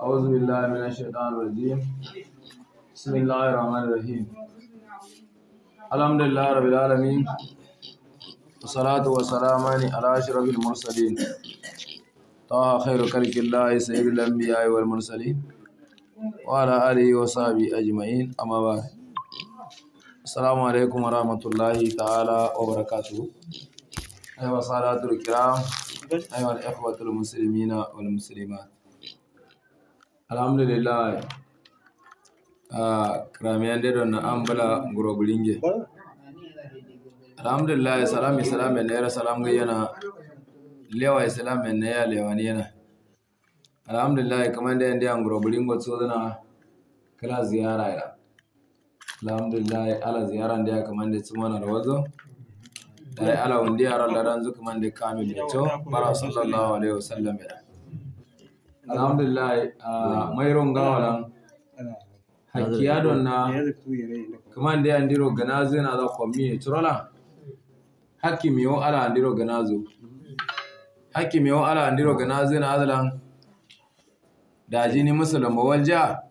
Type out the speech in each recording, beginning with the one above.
أعوذ بالله من الشيطان الرجيم بسم الله الرحمن الرحيم الحمد لله رب العالمين والصلاة والسلام على أشرف المرسلين طه خير كرك الله سيد الأنبياء والمرسلين وعلى آله وصحبه أجمعين أما بعد السلام عليكم ورحمة الله تعالى وبركاته أيها الصلاة الكرام أيها الإخوة المسلمين والمسلمات Alhamdulillah uh, kramiyan dedo na ambala gurobulinge Alhamdulillah salami salami na yara salam ga yana lewa e salami e na ya lewa ne yana Alhamdulillah kamar da yanda yan gurobulingo so dana kala ziyara ya Alhamdulillah ala ziyaran da ya kamar da tsumana da wazo dai ala wanda yaran da ran zuka man da kamil ya to bara sallallahu alaihi wasallam ya alhamdulillah ah, mayron gawalan hakkiyadon na ya ndiro ganazo na da kwammi trola hakki miyo ala ndiro ganazo hakki miyo ala ndiro ganazo na adalan daji ni musulma walja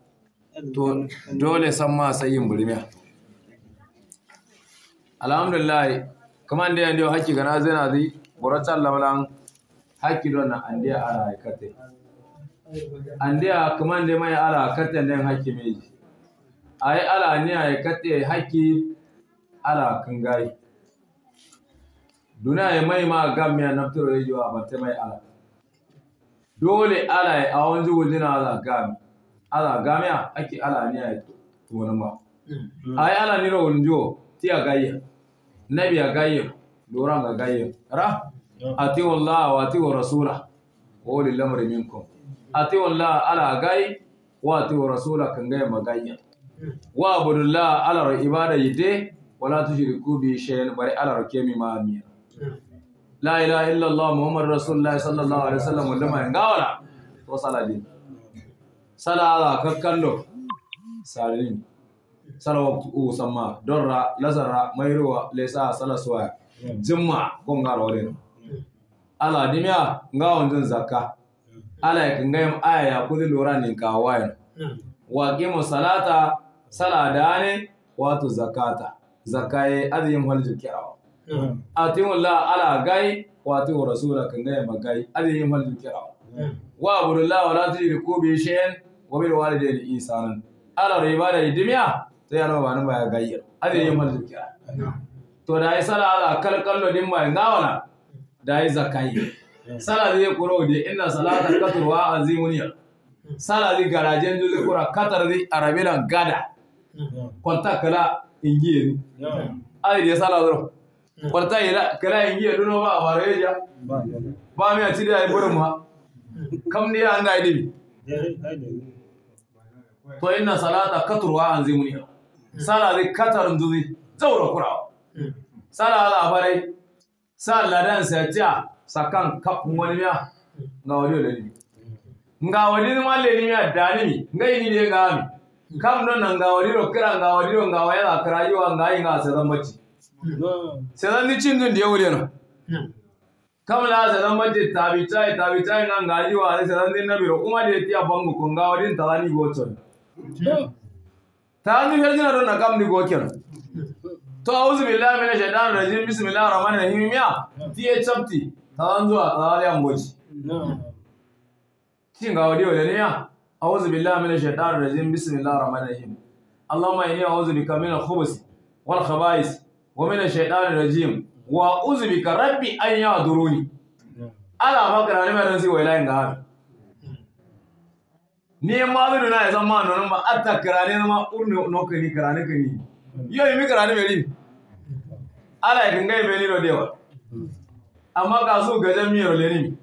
to dole san ma sayin burmiya alhamdulillah ya ndiro hakki ganazo na di boratan lamalan hakki don na andiya ala aikate ande a ne mai ala katte nden haki meji ai ala ni ay katte haki ala gai duna ya mai ma gam ya naftiro e jiwa ta mai ala dole ala a awon zuwa na ala gami ala gami a ala ni ay tuwon ba ai ala ni ro njo ti a gayya nabi a gayya doron ga gayya ra a wallahi wa ati wa rasula wa lil lamarin minkum ati Allah ala gai wa wa rasula kan gai maganya hmm. wa abdullah ala ibada yide wala tushriku bi shay'in bari ala rakemi ma amira hmm. la ilaha illa Allah muhammadur rasulullah sallallahu alaihi wasallam wanda mai ngawala to saladin sala ala kakkando saladin sala u sama dorra lazara mayruwa laysa salaswa hmm. jumma gonga rawle ala dimiya ngawon jin zakka ala ya kingayam aya ya kudi lura ni kawayan wa mu salata sala dane wato zakata zakaye adiyim hal jikirawa atimu la ala gai wato rasula kingayam gai adiyim hal jikirawa wa abudullahi wala tujriku bi shay'in wa bil walidayni ihsanan ala ribada dimiya sai ya ba nan ba gayyar adiyim hal jikirawa to da yi sala ala kalkallo din mai ngawana da yi zakaye sala zai kuro da ina salata katurwa zimuniya sala zai garajen zai kura katar zai arabilan gada kwanta kala ingiye ni ai da sala zuru kwanta ila kala ingiye duno ba amareja ba mi a ci da ai burin ma kam ne an ga idibi to ina salata katurwa zimuniya sala zai katar zai zaura kura sala ala farai sala dan sai ta sakan kap ngoni ya hmm. nga wali wani ni nga wali ni male ni ya dani nga yini ne nga mi kam non nan nga wali ro kira nga wali ro nga waya kira yuwa nga yi nga sa dan bacci hmm. ni chindu ndiye da no hmm. kam la sa dan tabi tai tabi tai nan ga ji wa sai dan din nabi ro kuma da tiya bangu ko nga wali ta lani go ton ta ni herjina don na kam ni go kenan to auzu billahi minash shaitanir rajim bismillahir rahmanir rahim ya tiye chapti ta zuwa tsari an goji cikin ga wadiyo da niya a'udhu billahi minash shaitanir rajim bismillahir rahmanir rahim allahumma inni a'udhu bika minal khubuth wal khaba'is wa minash shaitanir rajim wa a'udhu bika rabbi an yaduruni ala bakara mai ga haka ni ma zudu na yasan ma nonon ba atta kirane na ma urne noka ni kirane ka ni yoyi mi kirane mai ala ya gangai mai ni da dewa amma ga su ga mi yaro lere ni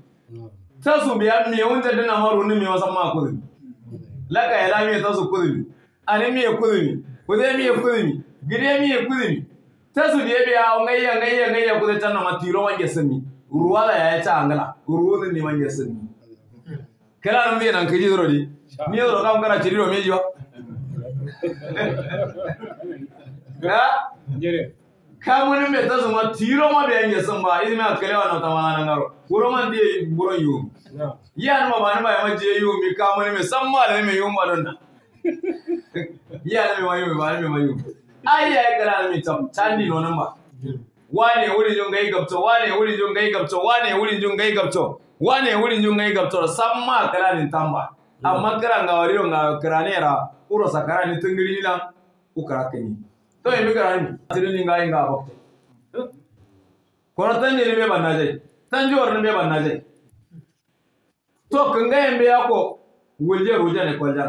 ta su biya mi wunta dana maru ni mi wasan ma kuzumi laka ya lami ta su kuzumi ani mi kuzumi kuze mi kuzumi gire mi kuzumi ta su biya biya ngayya ngayya ngayya kuze tan ma tiro wange sami ruwa la ya ta angala ruwa ni wange sami kala nan mi nan kiji zoro di mi zoro kam kana chiri ro mi jiwa ha kamunin me ta zuma tiro ma be ange samba izme akale wa nota mana ngaro wuro man de buron yu ya no ma ba ma je yu mi kamunin me samma da me yu ma donna ya da me wayo ba me wayo ai ya kala mi tam tandi no nan ba wane wurin jun gai gabto wane wurin jun gai gabto wane wurin jun gai gabto wane wurin jun gai gabto samma kala ni tamba amma kira ngawari wariyo ga kira ne ra uro sakara ni tungiri lan ukara kini to yi miga rani asirin ga bakta kono tan ni be banna jai tan jor ni be banna jai to kanga yembe yako wulje ruja ne kolja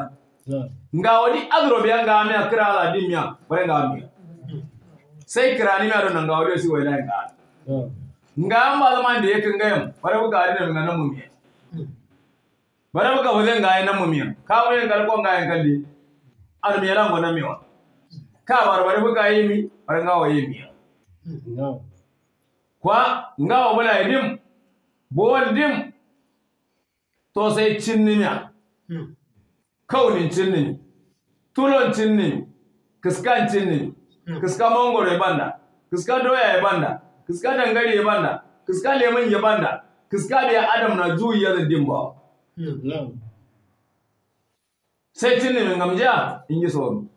nga wadi agro be nga me akra la dimya bare nga mi sai kirani don nga wadi si wai lai nga nga ma man de kanga yem bare bu gari ne nga nan mu mi bare bu ka wulen ga nan mu mi ka wulen ga ko nga yan kalli ar me lan wa ka barbare buka yi yimi bar ngawo yimi kwa ngawo bula yi dim bol dim to sai cinninya hmm. kaunin cinnin tulon cinnin kiskan cinnin hmm. kiska mangoro ya banda kiska doya ya banda kiska dangare ya banda kiska lemon ya banda kiska da ya adam na juyi ya zaddin ba hmm. sai cinnin gamja in yi sauri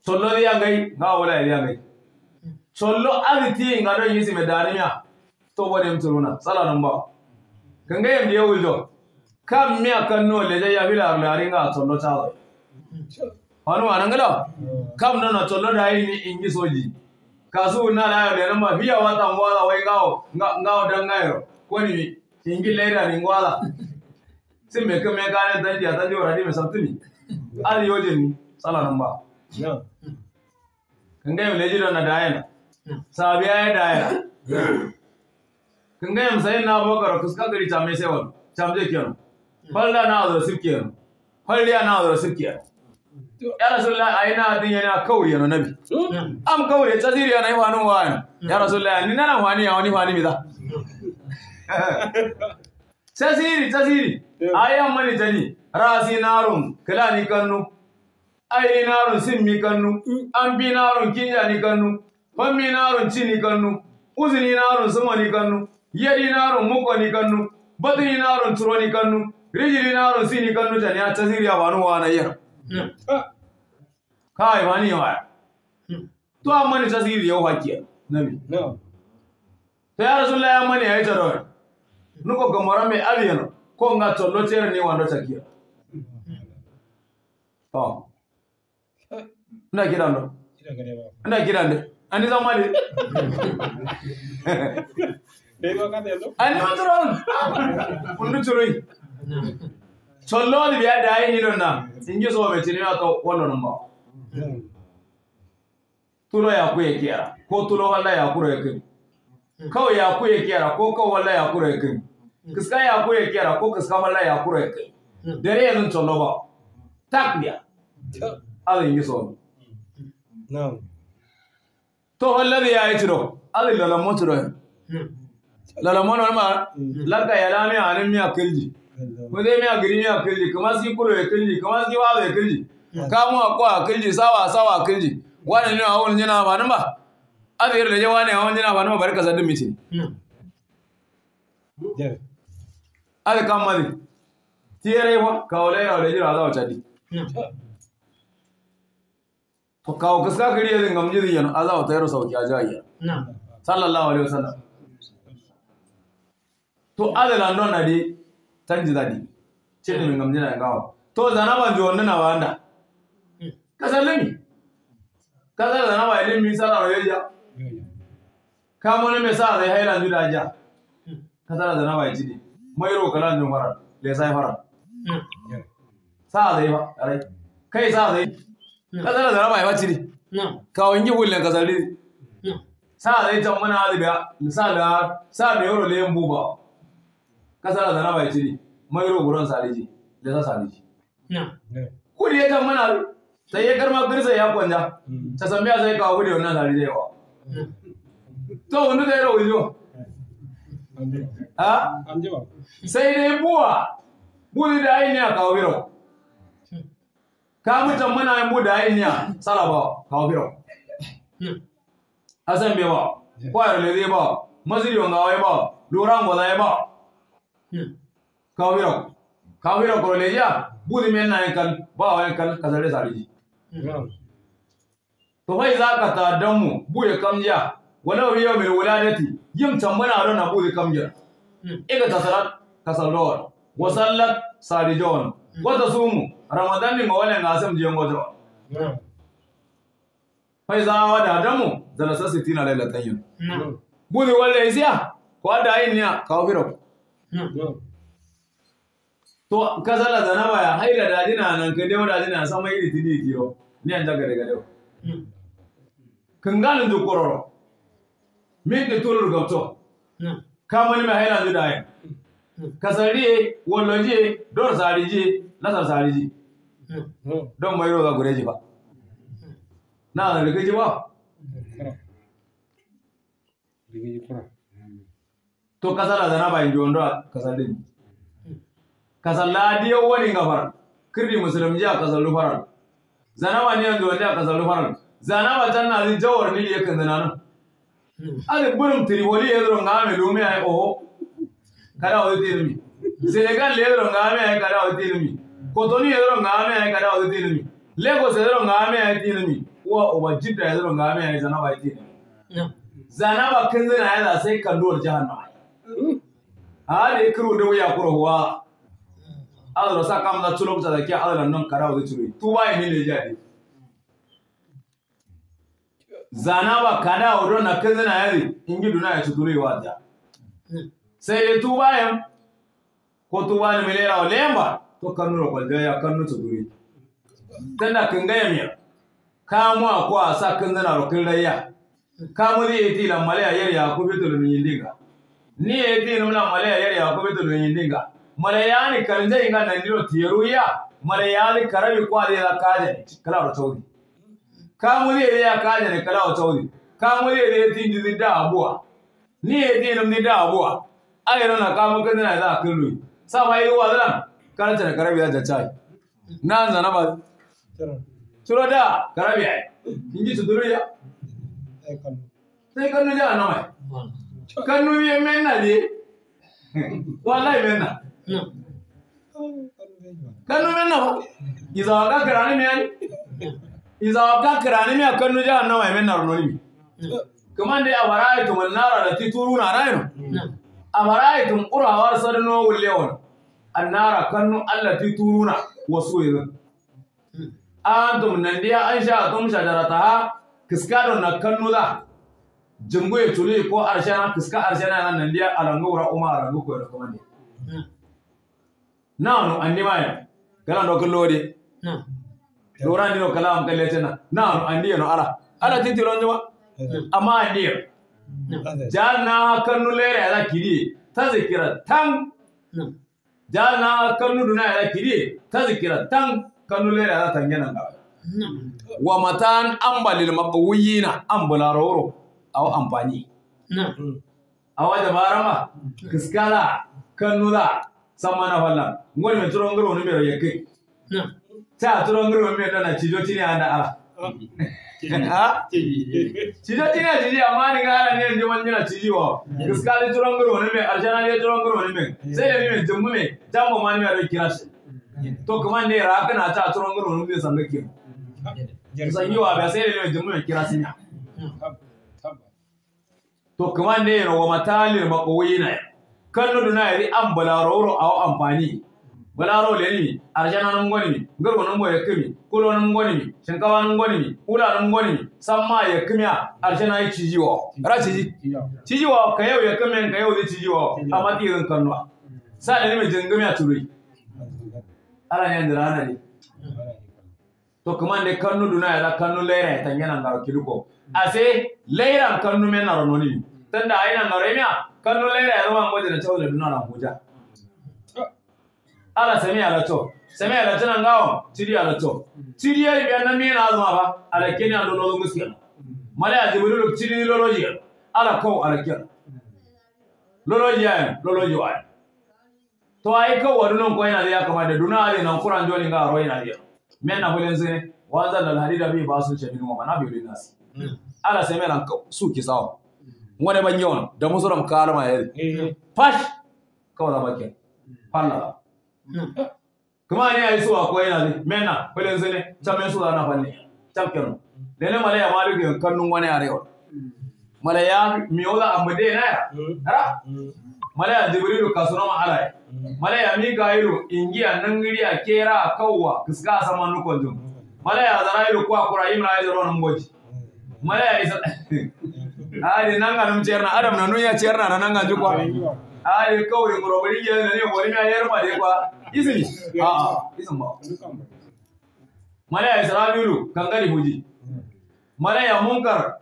sollo di angai nga wala di angai sollo ariti nga do yisi me daniya to wala mi tuluna sala nan ba ganga yam je wuldo kam mi akan no le ya bila lari nga sollo tawa hanu anan gala kam nana sollo da yi ni in soji kasu na la da nan ma biya watan wala wai ngawo ngawo dan ngayo ko ni ingi lera ni ngwala simme kame kane tanji atanji wala di me sabtuni ali yoje ni Tsala nan ba kan gayam leji na dayana sabiya ya dayana kan gayam sayin na bakar kuska gari ta mai sewa ta mai kiyano Falda na azar sirkiyano falliya na azar sirkiyano ya rasulullah a yana din yana kawai yana nabi am kawai tsaziri yana yi wani wani ya rasulullah ni nana wani ya wani wani miza tsaziri tsaziri ayan mani tani rasi narun kilani kannu ai narun sin mi kannu mm. an bi narun kinya ni kannu ban mi narun ci ni kannu uzini narun suma ni kannu yadi narun muko ni kannu batini narun turo ni kannu rijiri narun si ni kannu tani a tasiri a banu wana yar mm. ah. kai bani yawa mm. to amma ni tasiri yau hakiya nabi ta ya rasulullah ya mani ya yi tarawih nuko gamara mai abiyano ko nga tollo tere ni wando takiya to ina kira no ina kira ne ani zama ne ani ma turon kundu turai tollo ni biya da yi ilon na inji so be tinewa ka wannan ba tulo ya ku ya ko tulo walla ya kuro ya kin kawai ya ku ya ko kawo walla ya kuro ya kiska ya ku ya ko kiska walla ya kuro ya dare yanzu tollo ba biya Allah yi so to wallazi ya yi tiro ala da lamon tiro la lamon wani ma mm. lanka ya lami a nan miya kirji ko zai miya giri miya kirji kuma si kulo ya kirji kuma si wazo ya kirji mm. kamu a kwa kirji sawa sawa kirji wani ne a wani jina ba nan ba azir da jawa ne a wani jina ba nan ba barka sadin mitin mm. azir kan mazi tiyarai kawo lai a wajen jira za a wuce kawo kaska kiri ya zinga mji yana a ta a tayar sau ki sallallahu alaihi wasallam to adala don na dai tan ji zadi ce da min gamji na gawa to zana ba ji wani na wanda ka sallami ka sallar zana ba ilimi sallar rayuwa ka mone mai sa zai haila ji da ajiya ka sallar zana ba ya ci ne mai roka lan ji fara da ya sa ya fara sa zai ba kai sa zai kasara da ba ya waciri kawon gibin lan kasari sa zai can muna azubiya misala sa da yoro layan buba kasara da rama ya ciri mai yoro guran sariji da sa sariji kudi ya can muna sai ya karma birsa ya kwanja mm. ta san biya sai kawo kudi wannan sariji yawa to wani da yaro wujo sai dai buwa buri da ainihin a kawo biro Ka kamujan muna yin buda yin ya ba. kawo biro asan be ba kwayar lede ba masiri wanga wai ba loran goza ba kawo biro kawo biro ko lede ya budi men na kan ba wa kan kasare sariji to fa iza ka ta dan Wani buye yau mai wula mil wuladati yim tambana don na buɗe budi kamja iga tasalat kasalor wasallat sarijon wata sumu ramadan min mawalan nasim je ngoto fa iza wada damu zalasa sitina lailatan yun buni wala siya? ko ada yin ya kawfira ku to kazala da na baya haila da dina nan kai dai wada dina sama iri tini tiro ni an daga daga dau kangalin du kororo min de turur gabto kamani mai haila da dai kasari wallonji dor sariji nasar sariji don mai roga gureji ba na rigiji ba to kasala zana ba inji wando kasar din kasal ladiya wani gafar kirdi musulmi a kasallu lufarar zana ba ni yanzu wani a kasallu lufarar zana ba tan na zin jawar nili yakan zana nan ali burin tiri wali ya zuru ngame lumi ai oho kada mi senegal yedro ngame ay kada mi kotoni yedro ngame ay kada odetirmi lagos yedro ngame ay mi wa oba jidda yedro ngame ay zanaba ay zana zanaba kinzin na da sai kalluwar jahannama ha da ikru da wuya wa adro sa kam da tulok da ke adro non kada odetirmi tuba yi ne jadi zanaba kada na kinzin ay ingi duna ya tudurewa da sai ya tuba yam ko tuba ni milera o lemba to kanu ro kwalda ya kanu to duri tana kinga yam ya kamu ko sa kan zana ro kin rayya kamu ri eti la malaya yar ya ko bitul min yindinga ni eti ni la malaya yar ya ko bitul min yindinga malaya ni zai inga nandiro tiyaru ya malaya ni karabi ko ya la kaje kala ro tawdi kamu ri ya kaje ne kala ro tawdi kamu ya eti ndi da abuwa ni eti nuna da abuwa nuna kamun kan na za kullu sa ba yi wa zalan karanta da karabi da chai na zana ba turo da karabi ai su tuduru ya sai kanu da na mai kanu ya menna ne wallahi menna kanu menna ba izawa ka karani me ai izawa ka ne me kanu da na mai menna rononi kamar da ya bara ya tumanna nara da tituruna na rayu amara itum urawar sarno an annara kannu fi turuna wasu yanzu antum biya an sha tum shajarataha kiskadon na kannu za jingo ya tuli ko arshana kiska arshana nan a rangu wura umma alango ko da kuma ne na an nima ya gana dokin kallo lura lora ni no kalam kalle tana na wani an andiya no ala ala titiron jama amma andiya jalna kannu lera ya kiri ta zikira tan jalna duna ya kiri ta zikira tan kannu lera ya tangena ga wa matan ambalil maqawiyina ambala roro aw amfani awa hmm. da barama kiskala kannula samana fallan ngol me turongro no me yake ta turongro me dana cijo tini anda ala oh. cije tina cije amma ni gara ne ni wani na cije wa gaskiya ne turon garo ne mai arjana ne turon garo ne mai sai ya bi mai jummu mai jamma ma ne mai kira shi to kuma ne ra kana ta turon garo ne mai san nake san yi wa ba sai ya mai jummu mai kira shi na to kuma ne ra wa matalin makawai na kan nudu na yari an balaroro a amfani balaro leni arjana nan goni ngorgo nan go yakimi kulo nan goni shinkawa nan goni ula nan goni samma yakimiya arjana yi cijiwa ra ciji cijiwa ka yau yakimi ka yau zai cijiwa amma tirin kanwa sa da ne mai jingamiya turai ara ne da rana ne to kuma ne kannu duna ya kannu laira ya tangena ngaro kiluko ase laira kannu mena rononi tanda aina ngaro miya kannu laira ya ruwan gode da tawo da duna na huja ala samiya ala to samiya ala tana ngao tiri ala to tiri ya biya na mi na azuma ba ala kenya do no ngus kela mala ya jibril tiri lolo ya ala ko ala kela lolo ya lolo ya to ai ko wadunon ko yana ya kama da duna ali na kuran joni ga ro yana ya men na bulen sai wanda la hadida bi basu su ce bin ma eh, eh. na bi ulin nas ala samiya nan su ki sawo wani banyon da musuram kalma ya fash kawai da bakin fallala Eh. kuma ne ayi suwa ko yana ne mena ko da zai can suwa na fanni champion kenu da ne malaya ma ke kannun wani are yau malaya miyola amade na ya ara mm. mm. malaya jibrilu kasuna ma alai mm. malaya mikailu ingiya a kera kawwa kiska sama nukon dum malaya zarailu kwa kura imra ya zaro nan goji malaya isa ali nanga num cerna adam na nunya cerna na ga jukwa ai kawai murabari ya ne mori ya yi ma dai kwa izini a izin ba mana ya sarabiru kan gari huji mana ya munkar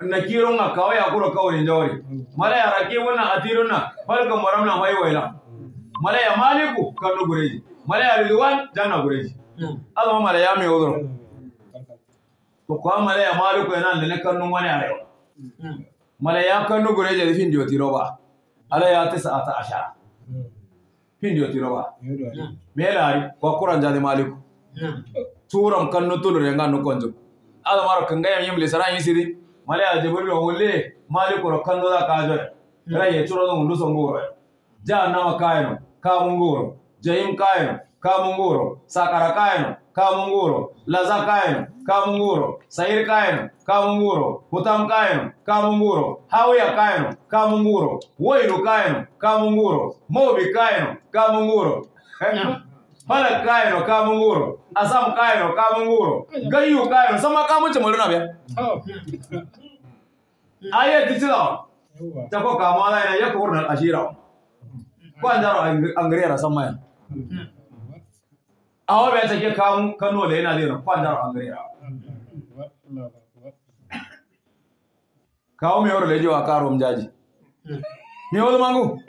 nakirun a kawai ya kura kawai ne jawari mana ya rake wannan atirun na falkan maram na mai waila mana ya maliku kan gureji mana ya ridwan janna gureji azama mala ya mai wuzuru to kwa mala ya maliku yana da ne kannun wani arewa mala ya kannu gureji da fin diotiro ba alaya tis'ata ashara hindiyo tirowa melari wa kuran jadi maliku turam kanno tulur yanga no konjo ala maro kanga yam yim lesara yin sidi male aje boli wa wolle maliku ro kanno da kajo ra ye turo no ndu songo ja na makayno ka mungoro jayim kayan. Kamun mungoro sakara kayan. kamun kamunguro laza Laza-kain, kayeno kamunguro sair kayeno kamunguro hutam kayeno kamunguro hawya kayeno kamunguro wailu kayeno kamunguro mobi kayeno kamunguro falak eh, kamun kamunguro asam kamun kamunguro gayyu kayeno sama Kamun kamunce muluna be aye titila tako kamala ina yakurnal ashira ko angiriyar Asam samaya awa bai ta ke kawo kano da yana zai na kwandar angare a kawo mai yawar lajewa a karo jaji mai yawar mangu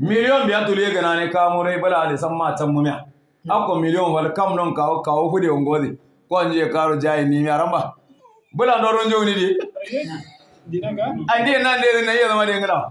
miliyon biya tuli gana ne kawo rai bala da san matan mumiya akwa miliyon wal kam non kawo kawo fude ungozi ko je karo jayi ni mi aramba bala don ronjo ni di a ande na den na yelo ma de ngala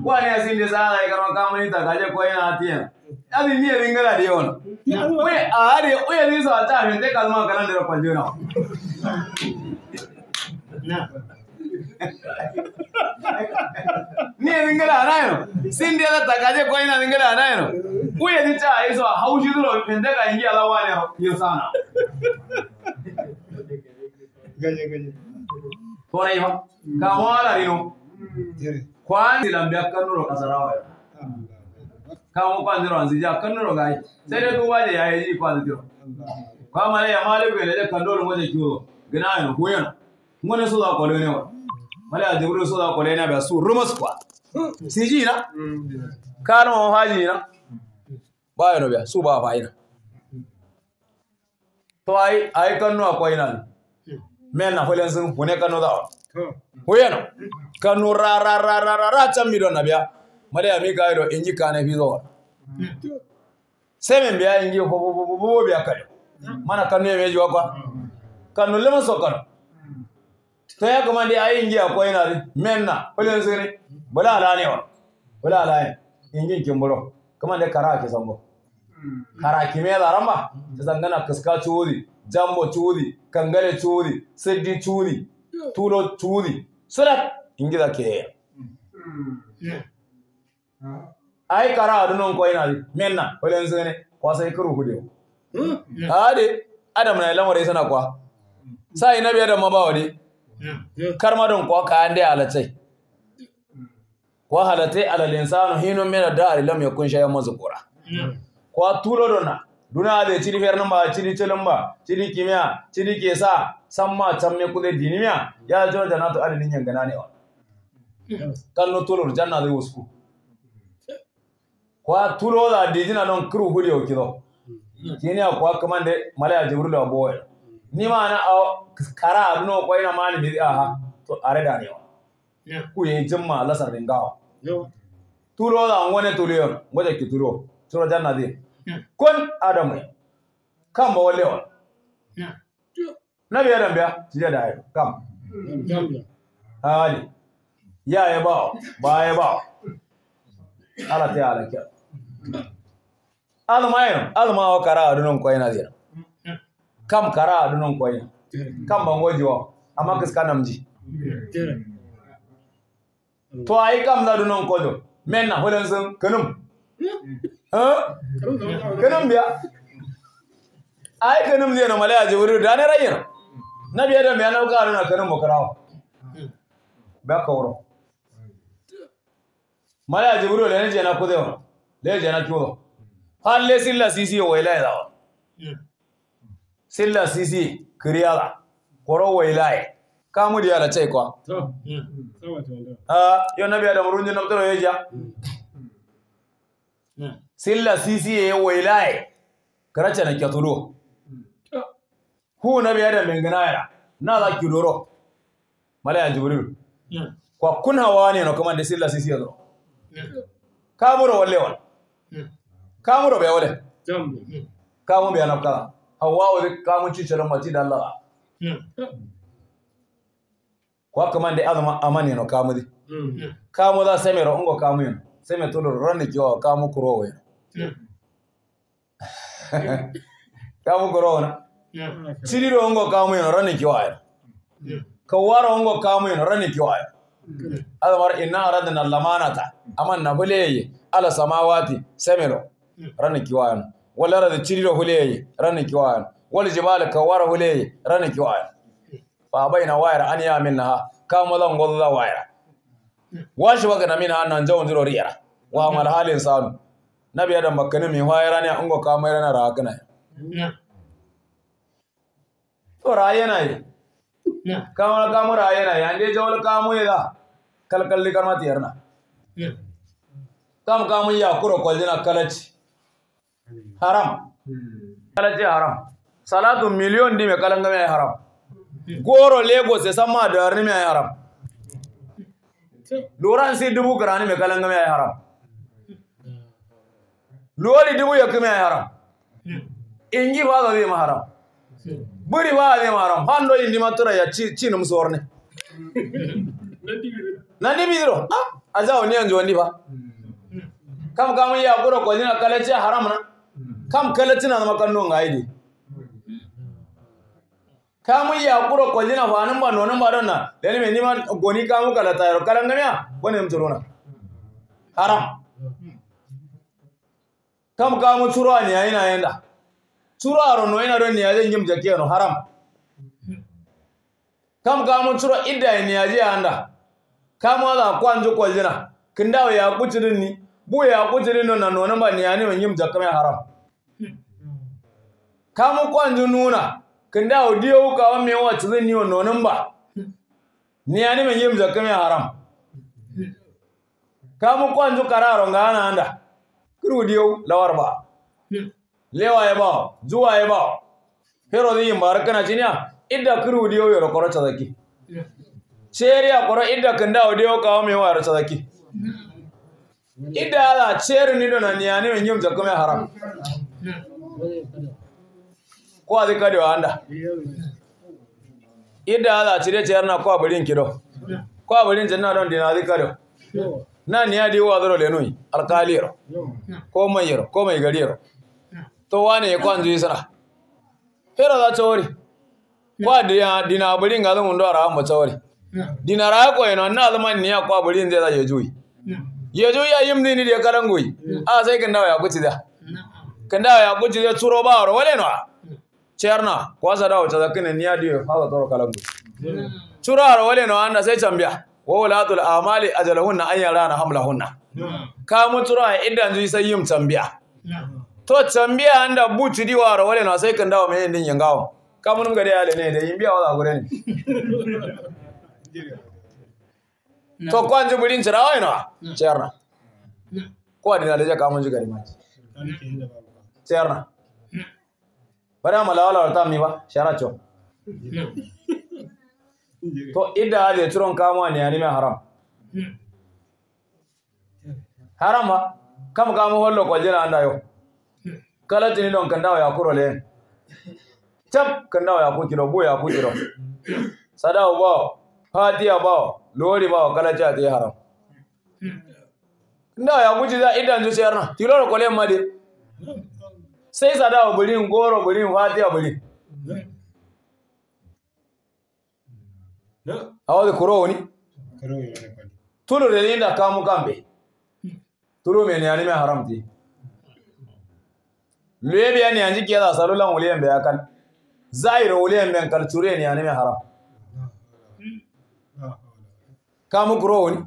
bwana asinde saga ikano kamunita kaje koina atia abi mie lingala diona we ari uye lizo atahe nde kalma kana ndero panjona mie lingala anayo sinde la takaje koina lingala anayo uye licha hizo haujidro pendeka ingia la wale yosana gaje gaje Por ahí va. Cabola, Rino. kwanzi lambia kanuro kasarawa ya kama kwanzi ranzi ja kanuro gai sai da duwa da yayi ji kwanzi tiro kama ne ya maliku ne da kandoro waje kiwo gina ne ko yana ngone su za ko ne wa mala da gure su za ko ne ba su rumus kwa siji na kano haji na ba yana biya su ba fa'ina to ai ai kanno akwai nan men na holen sun hune kanno huyeno kanu rararararara cammiɗo nabiya mbaɗaya mi gayɗo en jikkane fiso wona semen mbiya en jii fofofofobo mana kanu e meji wakka kanu lema sokkano to yakamandi ayi jiya menna olen seni bala alani on bala alani en kamande kara kisango kara kimela ramba sasangana kiska cuudi jambo cuudi kangale cuudi sedi cuudi tulo turi surat ingiza ke hmm. hmm. ay kara adu non ko ina menna ko len sene ko sai kuru hude hmm. ade adam na lamar sana kwa sai nabi adam ma bawa karma don ko ka ande alatai ko halatai ala insanu hinun mena da dar lam yakun shay'an mazkura ko tulo dona duna da ciri fernamba nan ba ciri celin ba kimiyya kesa samma me kude dinimiya ya jona janatu ali nin yanga nani on kanno tulur janna de wusku kwa tulo da dijina non kru hudi o kido kini akwa kamande malaya jibril abo ni ma na a kara abno ko ina mani bi aha to are da ne ku ye jimma lasar ringawa turo da ngone tuliyo ngoje ki turo turo janna de kon adamu kan ba wale na biya da biya jiya da ayo kam ali ya ya ba ba ya ba ala ta ala ke alma almawo kara adun koyi na zira kam kara ko koyi kam ban wa amma kiska ji to ai kam da ko do men na holan sun kanum kanum biya ai kanum zai na malaya je wurin da ne rayyana na biyar da mai yana wuka na karin makarawa ba ka wuro mala ya wuro da yanzu yana kudewa da yanzu yana kyoto har le silla sisi ya waila ya zawa silla sisi kiriyala koro waila ya kamu da yara cai kwa yau na biyar da murunjin na mutane ya jiya silla sisi ya waila ya karace na kyatulo hu na biya da yara, na za ki doro malaya jibril hmm. kwa kun hawa ne no kuma da silla sisi yazo hmm. kamuro walle wal hmm. kamuro be wale kamu be anabka hawa wa kamu ci charan mati da Allah kwa kuma da azama amane no kamu di kamu za sai mai ro ungo kamu yin sai me tulu ranni kiwa kamu kurowe kamu kurowe na siriro ongo kamuyon rani kiwaya kawara ongo yana rani kiwaya adamar inna na lamanata aman na yi ala samawati semelo rani kiwaya wala rada siriro huleye rani kiwaya wala jibala kawara huleye rani kiwaya fa baina wayra an ya minha kamalan golla wayra washi a na mina nan jawon ziro riyara wa mal halin sanu nabi adam bakkani mi wayra ne an go kamera na rakana kamar राय नाही कामाला काम राय नाही आणि त्याच्यावर काम येदा कलकल्ली करमात na ना kamun काम या कुरो कॉलजिना कलच haram कलच haram salatu miliyon di kalanga mai haram goro lagos ya sama da yarni mai haram loran si dubu karani mai kalanga mai haram lori dubu ya kuma haram in ba zai ma haram buri wa ale maram hando indi matura ya chi chi num sorne na dibiro ah aza oni anjo ni ba kam kam ya goro ko ni kala ce haram na kam kala tina na makanno ngaidi kam ya goro ko dina fa nan ba nonan ba don na dani me niman goni kamu kala tayaro kala ngamya wani mtulona haram kam kamu churo ani aina yenda a arono ina don ni yin ngim jake no haram kam ka mun churo idda ni aje anda kam wala kwanju ko jina wa ya kuchirin ni bu ya kuchirin no nan no ba niyani wa ngim jake mai haram kam kwanju nuna wa diyo ka wa me wa chirin ni no nan ba Niyani wa ngim jake mai haram kam kwanju kararo ngana anda kuru diyo ba. lewa ye ba zuwa ye ba pero di mbar kana chinya ah, idda kuru di yo ro koro chadaki cheri ya koro idda kanda odi yo kawo me wa ro chadaki idda ala cheri ni do na ni ani nyum jakome haram ko adi kadi wa anda idda ala cire cheri na ko abulin kido ko abulin janna don dina adi kadi na niya adi wa dro lenui alkaliro ko mayiro ko mai gariro to wane ya kwanzu sana. fera za ta wari kwa dina abirin ga zan ndo ra rahama ta wari dina ra ko na zaman ni ya kwa abirin zai za ya juyi ya juyi ayim ni ni da karangoyi a sai kan dawa ya kuci da kan dawa ya kuci da turo ba ro wale no cerna kwa sa dawa ta zakina ni ya diyo fa toro karangoyi turo ro wale no anda sai tambia wa walatul amali ajalahunna an hamla hunna. ka turo a idan ji sai yi mtambiya To so tambia anda buchi di waro wale na sai kanda mai din yangawo kamun mun gade yale ne da yin biya wala gure ne to kwanje burin tira wai na cerna ko adina da jaka mun ji gari ma Bari cerna bara malawala ta mi ba shara cho to idda da turon kama ne ani mai haram haram ba kam kama wallo kwaljina anda yau kala tini don kanda ya kuro le chap kanda ya ku kiro bo ya ku kiro sada fati ya ba lori ba kala cha te haram nda ya guji za idan zo sai na tiro ko le ma de sai sada bulin goro bulin fatiya bulin awade kuro wani? tulu ni da kamu kambe tulu me ne ani me haramti luyebiya ne yanzu ke za salulan wuliyan bai kal zairo wuliyan bai kal ture ne yanzu mai haram ka mu kuro wani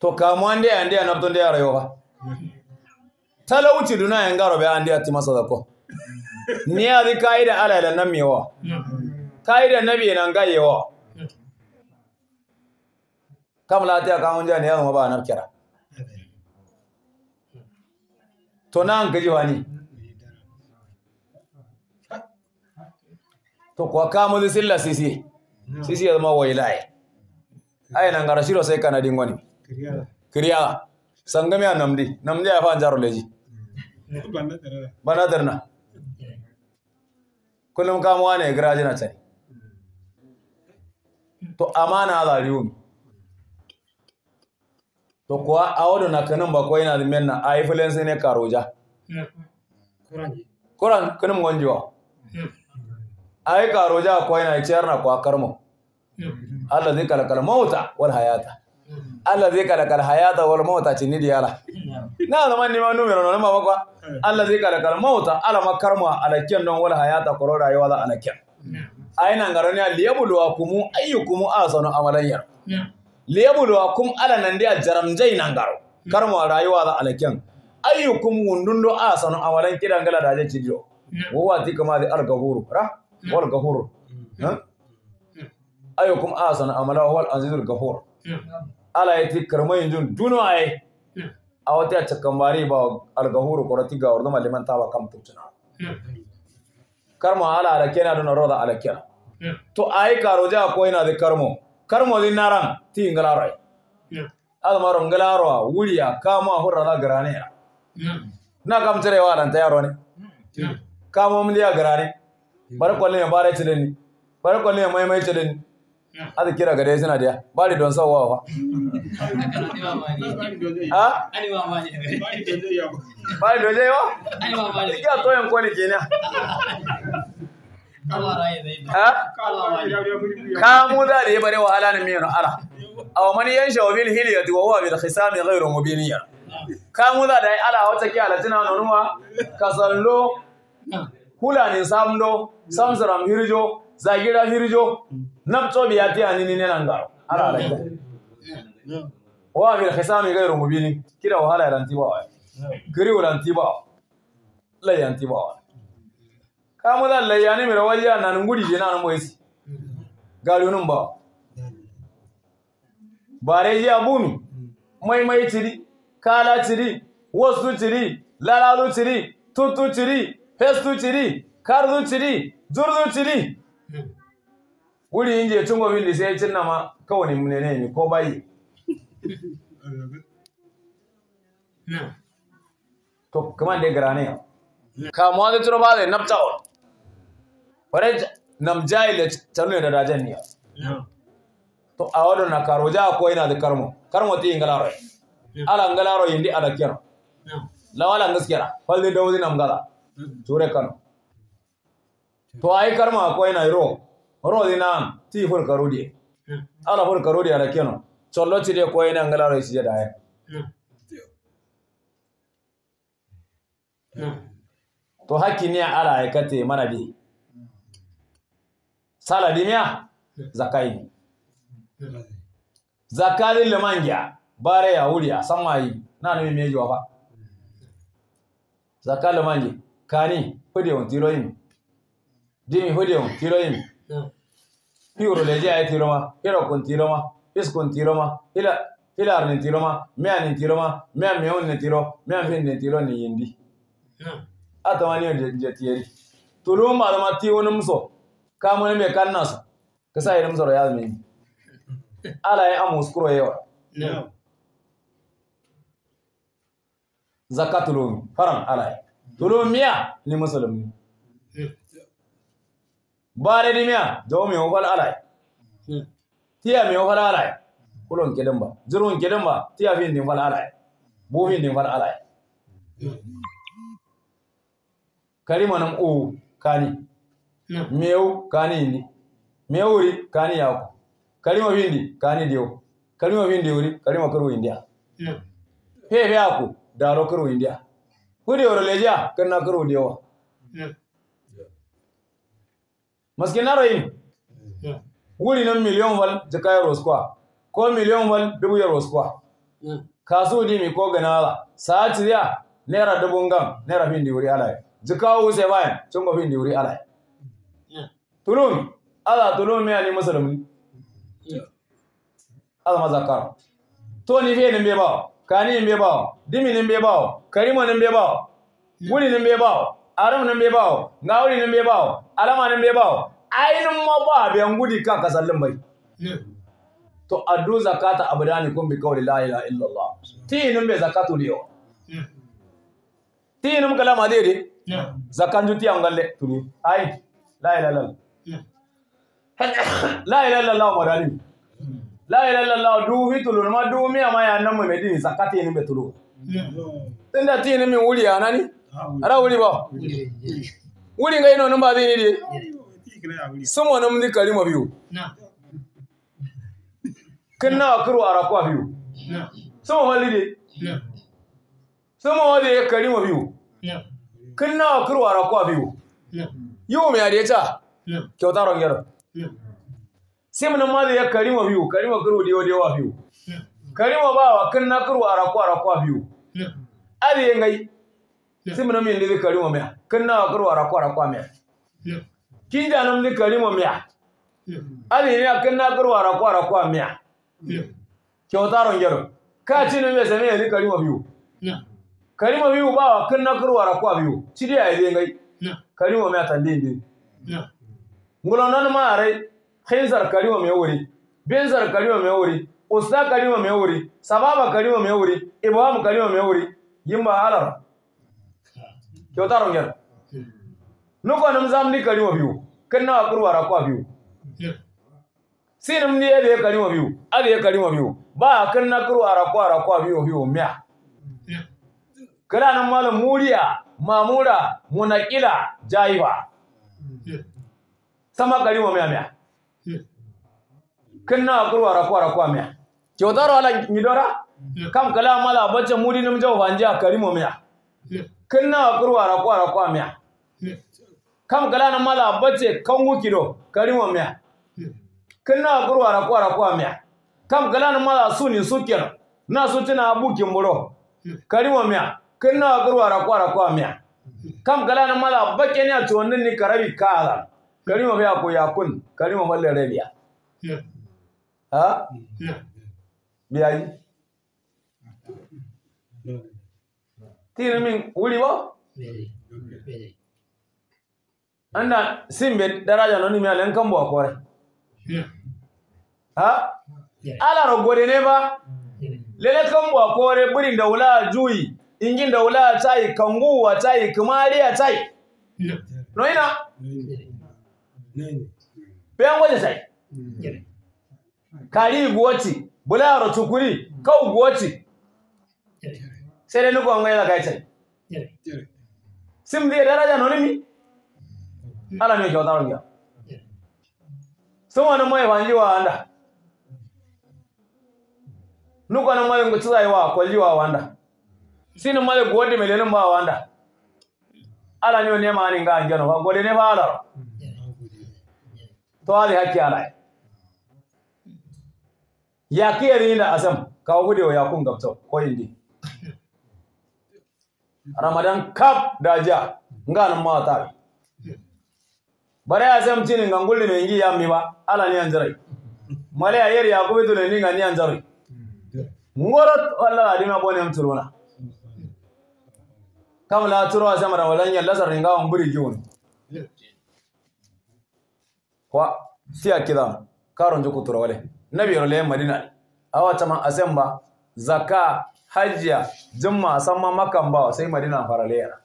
to kamu an dai an dai na tun dai rayuwa ba talauci duna yan garo bai an dai ti masa zako ni ya ri kaida ala da nan mewa da nabi nan gayewa kam la ta kan wanja ne yan ba na kira to na gajewa wani to kwa kama zai silla sisi sisi ya zama wailaye ai nan gara shiro sai kanadin wani. kiriya Sangami a namdi namdi ya fa'an jaro leji bana na. kullum kamuwa ne gira jina can to amana za riyu to kuwa awodo na kanin ba koyi na dimen na a filin sai ne karoja kuran kanin gwanjiwa a yi karoja yana na ciyar na kwa karmo Allah zai kalakal mawuta wal hayata Allah zai kalakal hayata wal mawuta cinni Ni yala na zama ni ma numero na nima bakwa Allah zai kalakal mawuta ala makarmo a kyan don wal hayata koro rayuwa za ala kyan ayinan garoni a luwa kumu ayyukumu a sanu amalayar. lebulwa kum ala nan dia jaramjai nan garo hmm. karma rayuwa da alakin ayyukum wundundo a sanu awalan kidan gala da je cidiyo hmm. wa ti kama da algahuru ra hmm. wal gahuru ayyukum a sanu amala wal azizul gahur ala yati karmai jun dunaye a wata cakambari ba algahuru korati ga warduma ta ba kam tutuna karma ala na aduna roda alakin to ai karoja ko ina da karmo naran ti ngalaroy almaro ngalaro wuliya kama hurra la grane ya na kam tere wa dan tayaro ne kama mun liya grane bar kwalle ne bare tile ni bar kwalle ne mai mai tile ni ada kira ga dai suna da bari don sawa fa ha ani wa ma ni bari don zai yo bari don zai yo ani wa ma ni ga to yan ko ne kenan kamu da da bare wahala alanin min ara aw man yansha bil hilyati wa huwa bil khisami ghayru mubiniyar kamu za da ala wata ki alatina nonuwa kasallo hulanin samdo samsaram hirjo zagira hirjo nabto biya ti anini ne nan garo ala la wa khisa mai ghayru mubini kida wahala ran tibawa kiri ran tibawa la ba tibawa kamuda layani mira wajja nanu ngudi je nanu moyisi gari nun ba bare je abumi mai mai tiri kala tiri wasu tiri lalalu tiri tutu tiri festu tiri karzu tiri zurzu tiri wuri inje tungo da sai cinna ma kawai ne ne ni ko bayi to kuma da garane kamuwa da turba da naftawa wadda namjayi da ne da rajen niya to a wadda na karo ja ko yana da karmo karmo ti yin galaro ala galaro yin mm-hmm. di ala kiyar lawalan gaskiyar kwalli da wuzin amgala ture kano to a yi karma ko yana ro ro zina ti fur karo diye ala fur karo diye ala kiyar chollo ci diye ko yana galaro shi da ya to hakki ne ala ya kate mana bi sala dimya zakai zakari le mangia bare ya huria samai nanu imeji wapa zakale mangi kani hodi on tiroyin dimi hodi on tiroyin piuro leje ay tiroma iro kon tiroma is kon tiroma ila ila arni tiroma me ani tiroma me me on ne tiro me fin ne tiro ni yindi hm. atawani on je tieri tulu ma ti wonum so kamun mai kannansa ka sa irin zaro ya zame ala ya amu kuro yawa zakka tulomi faran ala ya tulumiya ni musulmi bare ni miya do mi hokal ala ya tiya mai hokal ala ya kulon kidan ba zurun kidan ba tiya fi ni fal ala ya bu fi ni fal ala ya karimanan o kani meu kani indi meu uri kani yako kalima vindi kani dio kalima vindi uri kalima kuru india he he aku daro kuru india kudi oro leja kana kuru dio maskina rayin wuri nan miliyon val jaka yaro skwa ko miliyon wal dubu yaro skwa kasu di mi ko ganala saati ya naira dubu ngam naira vindi uri alai jika wuse bayan chungo vindi uri alai tulum ala tulum ya ni musulmi ala mazakar to ni fe ni ba kani ni be ba dimi ni be ba karimo ni be ba wuli ni be ba aram ni be ba ngawuli ni be ba alama ni be ba ainin ma ba ben gudi kan kasallin bai to addu zakata abdani kun bi kawli la ilaha illallah tinin be zakatu ne yawa tinin kalama dai dai zakan juti an galle tuni ai la ilaha illallah la ilaha illallah modani la ilaha illallah du vitulu ma du mi ama ya namu medini zakati ni betulu tenda tini mi wuli anani ara wuli ba wuli ngai no numba dini di sumo nam di kalima biyu kinna akru arakwa biyu sumo walidi sumo wadi kalima biyu kinna akru arakwa biyu yau me ya ta kyautar ma da ya karima biyu karima kuru da yau wa biyu karima bawa kanna kuru araku araku biyu ali yengai mai ne da karima mea kanna kuru araku mai mea da nan da karima mea ali ne kanna kuru araku araku mea kyautaron yaro ka ci ne mai sanaye ni karima biyu karima biyu bawa kanna kuru araku biyu ci dai ai yengai karima mai tande ne ngulon nan ma are Khizar Karima Mayauri, Binzar Karima Mayauri, Usta Karima Mayauri, Sababa Karima Mayauri, Ibrahim Karima Mayauri, Yimba Alar. Kyauta rongyar. Nuko nam zamni Karima biyu, kanna kurwa rakwa biyu. Sinam ni ebe Karima biyu, ebe Karima biyu. Ba kanna kurwa rakwa rakwa biyu biyu miya. Kana nan malam Muriya, Mamura, Munakila, Jaiba. Sama Karima miya miya. kinna kurwa rakwa rakwa miya. kyautar wala midora kam kala mala bacce mudi nim jaw fanja karimo mea kinna kurwa rakwa rakwa miya. kam kala na mala bacce kangu kido karimo mea kinna kurwa rakwa rakwa miya. kam kala na mala suni sukir na sutina abuki mboro karimo mea kinna kurwa rakwa rakwa miya. kam kala na mala bacce ne a tuwannin ni karabi kala kalima vya ko ya kun kalima malle rabiya ha biyayi tiri min wuri ba anda simbe daraja noni mi alen kore akore ha ala ro gode Lele kambu lele kambo akore burin da wula juyi ingin da wula tai kanguwa tai kumari tai Noina? ina pengo sai. Hmm. kari guwati bula ro tukuri kau guwati sai dai nuku wangai la kai sai sim dia daraja noni mi hmm. ala mi kyauta ronga sun wani mai wanjiwa anda nuku wani mai wa zaiwa wa wanda sinin mai guwati mai lenin ba wanda ala ne ma ni ga anjano ba gode ne ba to da hakki ala ya ki yari da asam kawo gudewa wa kun gabta ko indi ramadan kap da ja nganan ma ta bare asam cinin ngangulli me ngi ya ba ala ni anjarai male ayer ya kubitu ne ni ngani anjarai ngorot walla adima bone mtuluna la turo asam ramadan yalla saringa on buri giwon wa siya kida karon jiko turawale nabi yarle madina awa tama asemba zaka hajja jumma samma makan ba sai madina farale yana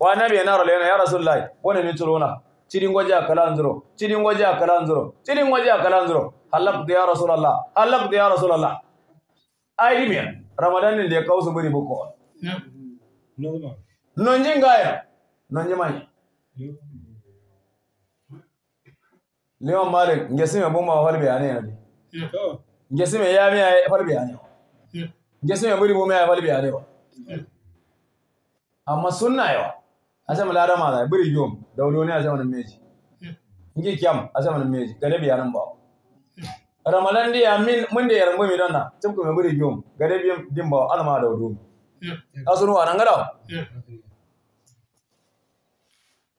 wa nabi yana role yana ya rasulullahi wani ni turona cidin gwaji a kalan zuro cidin gwaji a kalan zuro cidin gwaji a kalan zuro halak da ya rasulallah halak da ya rasulallah ai dimiya ramadan ne da ya kawo su buri buko non jinga ya non jimani Leon Malik ngesime boma hol be ane ade. Ngesime ya mi ay hol be ane. Ngesime buri boma ay hol be ane. Amma sunna yo. Asa mala rama da buri yom dawlo ne asa wannan meji. Ngi kyam asa wannan meji gade bi anan ba. Ramadan di amin mun da yaran bumi don na tum kuma buri yom gade bi din ba alma dawdo. Asunu wa nan gada.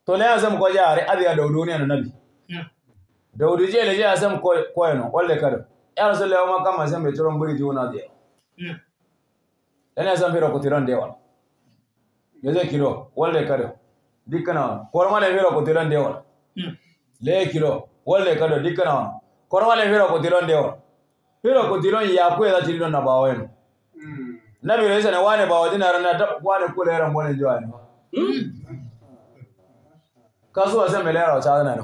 To ne asa mu ko jare adiya dawdo ne na nabi. da udije leje a sam koyeno walle kado ya rasulullah ma kama sam be turon buri juna de ene hmm. sam firo ko tiran de wal yaje kilo walle kado dikana korma le firo ko tiran de wal hmm. le kilo walle kado dikana korma le firo ko tiran de wal firo ko tiran ya ko ya tiran na bawen hmm. nabi raisa ne wane bawa jina ran da wane kula yaran bone jiwa ne kasuwa sai mai lera wata zana da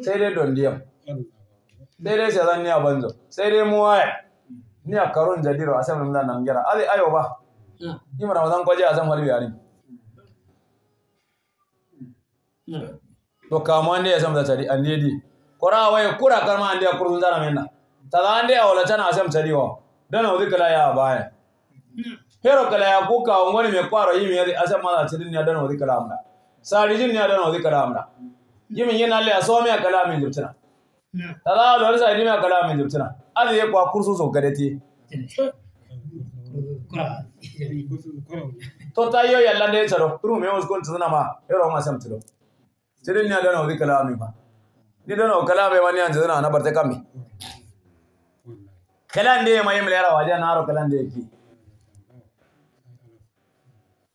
sai dai diyam, sai dai shazan niya a banzo sai dai mu waya niya karun jadiro a sai mun nan gira ali ayo ba ima ramadan kwaje a san halbi yarin to kamo ande ya samta tadi ande di kora waye kura karma ande kurun zana menna tada ande awala tana asam tadi wa dana wudi kala ya baya hero kala ya kuka wani me kwaro yimi asam mala tadi ni dana wudi kala amna sarijin ni dana wudi kala amna yimin yina le aso mi akala min dubtina tada do risa dimi akala min dubtina adi ye kwa kursu so gadati to ta yi yo yalla de tsaro turu me was gon tsana ma yoro ma sam tsaro tsirin ya dana wadi kala mi ba ni dana kala be wani an tsana na barta barte mai. kalan ya mai mai yara wajen na ro kalan ya ke.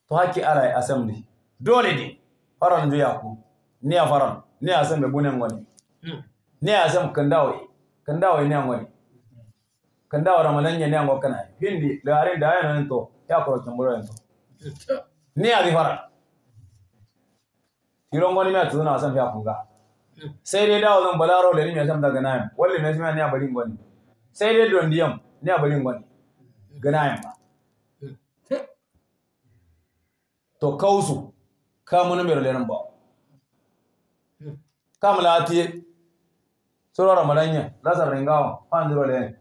to haki ala asam ne dole ne faran juya ku ni a fara ni a san me bunen ngoni ni a san kandawai ne ni wani hmm. kandawe ramadan ni ngo kana hindi da harin da ayan to ya ko tamburo to ni a zai fara tiro wani me tuzuna a san fiya kuga hmm. sai dai dawo zan balaro da ni me san daga nayan walle mai zama ne a bari wani sai dai don diyam ne a bari wani ganayen ba hmm. to kausu kamunan mai ralerin ba kam lati sura ramadanya lasa ringawa pandiro le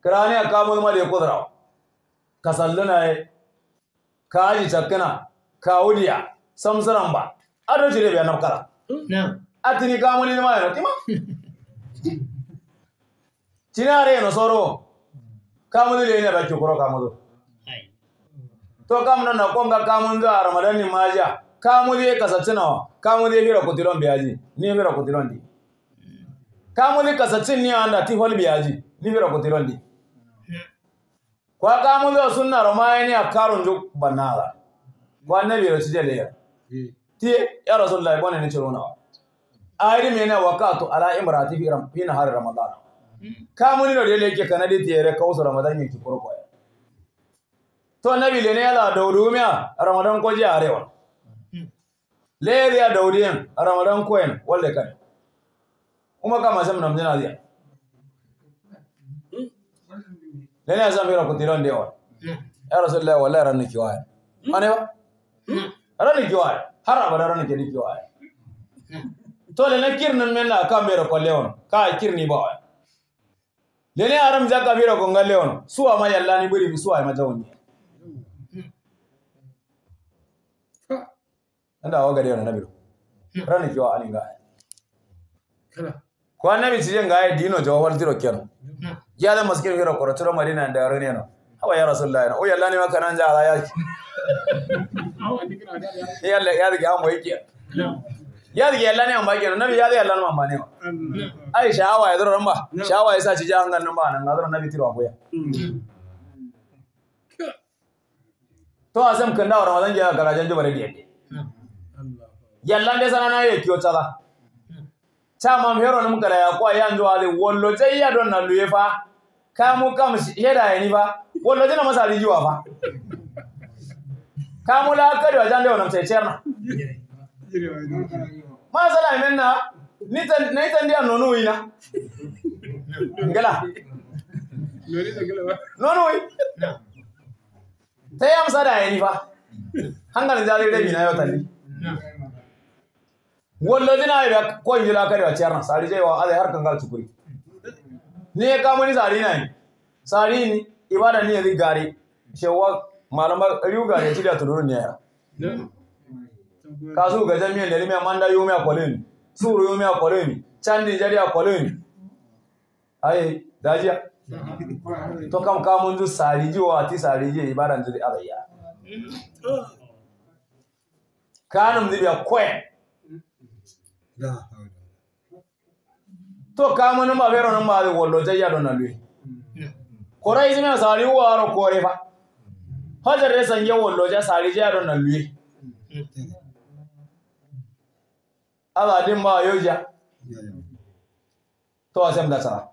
kirani akamu ma le kudra kasalluna e kaji chakkana kaudiya samsaran ba ado jire be kala na atini kamu ni ma no kima cinare no soro kamu le ne ba chukro do to kam na konga kamu ga ramadani ja. Kamu kamulie kasatino kamulie bira kutilon biaji ni bira kutilon di kamulie kasatin ni anda ti hol biaji ni bira kutilon di kwa kamulie sunna romai ni akarun juk banala kwa nabi rasijele ya ti ya rasulullah bwana ni chirona ayri mena waqatu ala imrati fi ram fi nahar ramadan kamuni no dele ke kanadi ka usu ramadan yake kurko to nabi le ne ala dawdumiya ramadan ko je arewa Leria a Ramadan ka walde kan. na kama sema namjana dia. Lene azam tiron da ndio. Ya Rasulullah wallahi ran A Mane wa? Ran nikiwa. Har abada ki nikiwa. To lene kirnan men la kamera ko leon. Ka kirni ba. Lene aram zaka bila ko ngalleon. Suwa ma yalla ni buri suwa ma jawni. nanda awa awaga leo nanabiro hmm. rani nga alinga kwa nabi sijen ga dino jawa wal tiro keno hmm. ya da maskin hero koro tiro marina da rani no hawa ya rasulullahi no ya lani maka nan jara ya ya la ya ga mu yake ya da yalla ne amma kenan nabi ya da yalla amma ne hmm. ai shawa ya zura ramba shawa ya sa ci jahan gannan ba nan zura nabi tiro akoya to azam kan da ramadan ya garajan jumare da di yallande sananaye kiyotaga chamam hero kwa ya yanjo ale wollo teya don na luye fa kamu kam heda ni ba wollo tena ri jiwa fa kamu la kadi wa jande ona mtecherna masala menna nita nita ndia nonu ina ngala nonu teya msada ni fa hangal jali de mina yotali wallazina ya ko injila kare wa ciyarna sari je wa azai harkan gal tukuri ne ka muni sari na yi. sari ni ibada ni yanzu gare shewa malamar riu gare ci da turun ne ya kasu ga jami'an da limiya manda yomi akwalin suru yomi akwalin can nigeria akwalin ai dajiya to kam ka mun zu sari ji wa ti sari je ibada ni azai ya Kanun dibiya kwen to ka mana ma vero nan ma be wollo jayya don na lui kora izin na sari waro kore fa hajar re sanje wollo ja sari jayya don na lui hmm. ala din ma yoja to asem da sara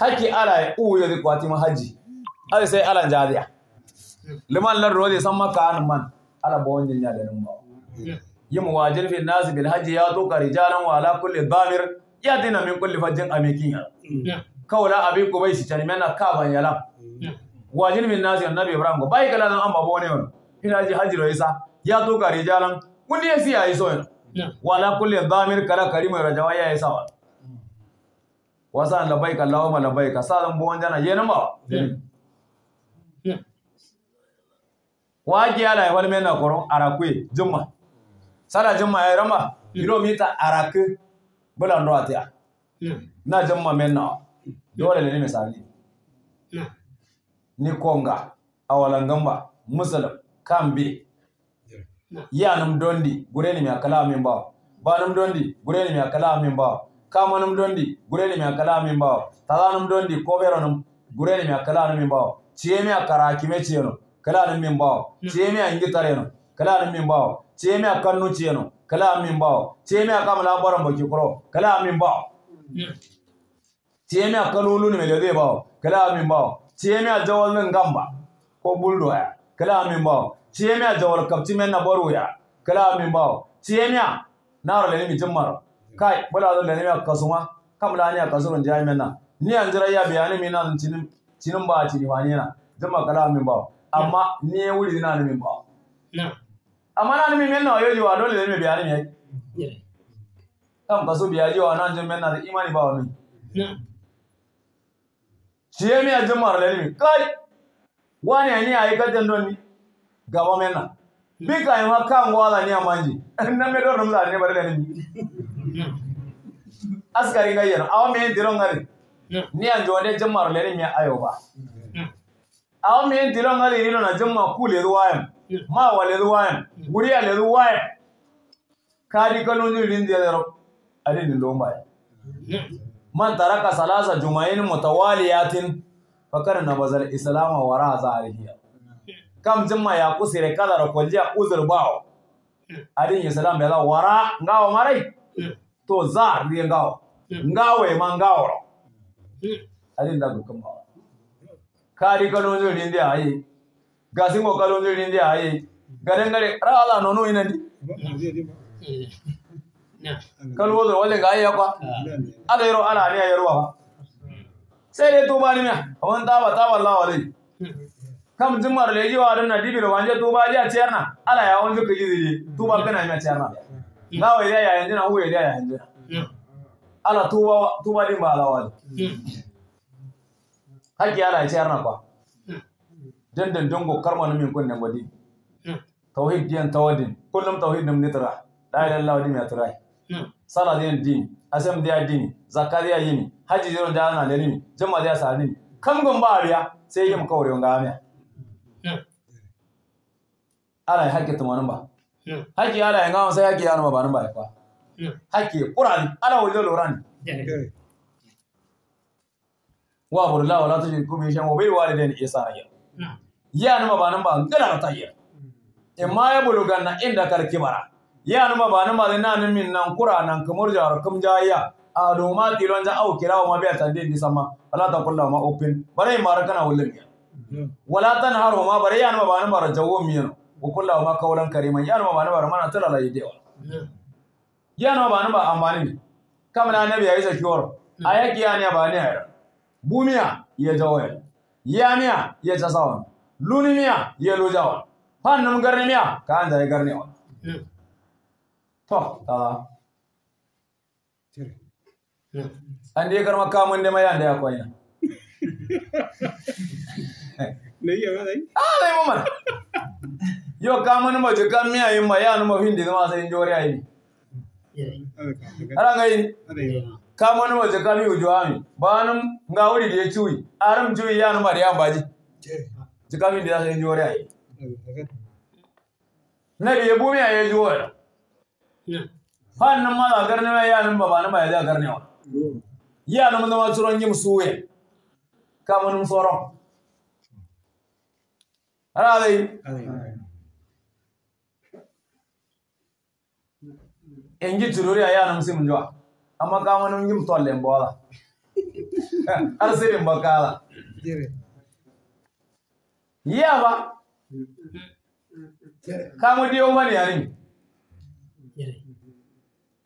haki ala u yo di kwati ma haji ala sai ala jadiya liman lan rodi san maka an man ala bo wonjin ya da nan ba yi Wajir fil nasi bil hajji ya to ka jaran wa ala kulli damir ya dina min kulli fajjin amekin ya kawla abi ko bai shi tan mena ka ban yala wajir fil nas annabi ibrahim ko bai kala nan amma bo ne ina ji hajji raisa ya to ka jaran kun ne sai yayi so wa ala kulli damir kala karimu rajawa ya yi sawa wasan labbaika allahumma labbaika sadan bo wanjana yenan ba wa ji ala wal mena koron arakwe jumma sala jumma ya rama hmm. kilomita mita bula bela ndo atia hmm. na jemma menna dole hmm. ne misali ni konga ngamba musalam kambe yanum dondi gure ni mi akala min ba banum dondi gure ni mi akala min ba dondi gure ni mi akala min ba talanum dondi koberonum gure ni mi akala min ba ciyemi akara kime ciyeno kala min ba ciyemi angi tareno kala min ba cheme akannu cheno kala min bawo cheme akamla baran baki koro kala min bawo hmm. cheme akanulu ni melode bawo kala min bawo cheme ajawal nan gamba ko buldo ya kala min bawo cheme ajawal kapti men na baro ya kala min bawo cheme naro le mi jammaro kai bala zan da ne ka kasuma kamla ne ka surun jami na, ni an jira ya bayani min nan cinin cinin ba cinin wani na jama kala min bawo amma ni wuri na min ba na'am na ni mimi wa yoji wa dole ne biya ni kan ba su biya ji wa nan jin menna da imani ba wani shi ya a jin mara lalimi kai wani ni yi kadan don ni gaba menna bi ka yi ma kan gwala ni manji nan me don rumla ne da lalimi askari ga a wani me diron gari. ni an jode jin mara lalimi ayo ba awa me diron gari ni na jin ma kule yamma ma wale ruwan guri ale ruwan kari kanu ni rin dia ro ale ni lomba man taraka salasa jumain mutawaliyatin fakar na bazal islama wara zarihiya kam jimma ya kusire kala ro kolja uzur bawo adin islam bela wara ngawo marai to za ri ngawo ngawo e mangawo adin da bukan bawo kari kanu ni rin dia ai gasin kokarin jirgin da yayi garin ra Allah nono ina di kalwo da ga yaya kwa ala yaro ala ne yaro ba sai dai tuba ni ma on ta ba ta wallahi wale kam jimmar le jiwa dan na dibi wanje tuba ji a ciyarna ala ya wanje ka jiri tuba kana ma ciyarna lawa ya ya yanzu na huwe ya ya yanzu ala tuba tuba din ba lawa haki ala ciyarna kwa Dandan dongo karma na min kunnen wadi hmm. tauhid diyan tawadin kullum tauhid nim nitra la ilaha illa wadi matra sala diyan hmm. din asam diya din zakariya yini haji zero da na leni jama diya sani kan gon ba ariya sai yim kawre on gamia ala hakke tumanin ba hakke ala yanga sai hakke yana ba nan ba fa hakke qur'ani ala wajo loran wa burla wala tujin kum shan wa bil walidain ihsana yanuma banamba ngala natayira emaya na hmm. inda kal kibara yanuma banamba nanin min nan kura nan kamar jawar kum jaya aduma tilon ja au kirawo ma biya tande ni sama wala ta kullu ma open bare mara kana wullin ya hmm. wala tanharu ma bare yanuma banamba rajawo miyan wa kullu ma kaulan kariman yanuma banamba mana tulala yidewa hmm. yanuma banamba amani ne kamna nabi ya yi sakiwar ayaki yani ya ayra bumiya ya ya. yamiya ya tasawan luni miya yelo jawa pan num garni miya kan dai garne on to ta an dai garma kamun da mayan da ya koyi ne yi yawa dai ah dai mamar yo kamun ma je kan miya yin mayan ma hindi ma sai jori ayi arangai kamun ma je kan mi ujo ami banum ngawuri da ya ciwi aram ciwi ya no mariya baji Jika min da za ka yi jiwar yayi. Na da yabo mai yayi jiwar. Fan nan ma za garne mai yanin ba ba nan ba ya za garne wa. Yanin mun zama turon yin suwe. Kamun tsoron. Ana zai. Engi tururi a yanin sai mun jiwa. Amma kamun yin tollen bawa. Arsirin bakala. Jire. yiya ba Kamu diyo ba ne yarin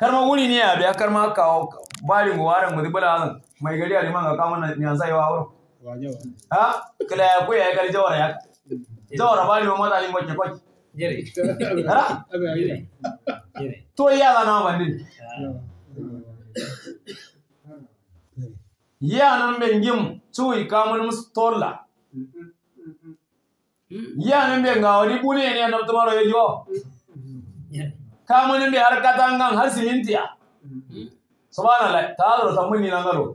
karma guri ne ya biya karma ka balin waran mu dibala zan mai gari a liman ga kamun na yan sai wa ha Kila ya ko ya kar jawara ya jawara bali mu mata lin bakke kwaki ha to ya ga na bandi ya nan bengim tuwi kamun musu yan be nga wadi bune ne na to maro yo ka mun be har kata ngan har sinintiya subhanallah taalo ta mun ni ngaro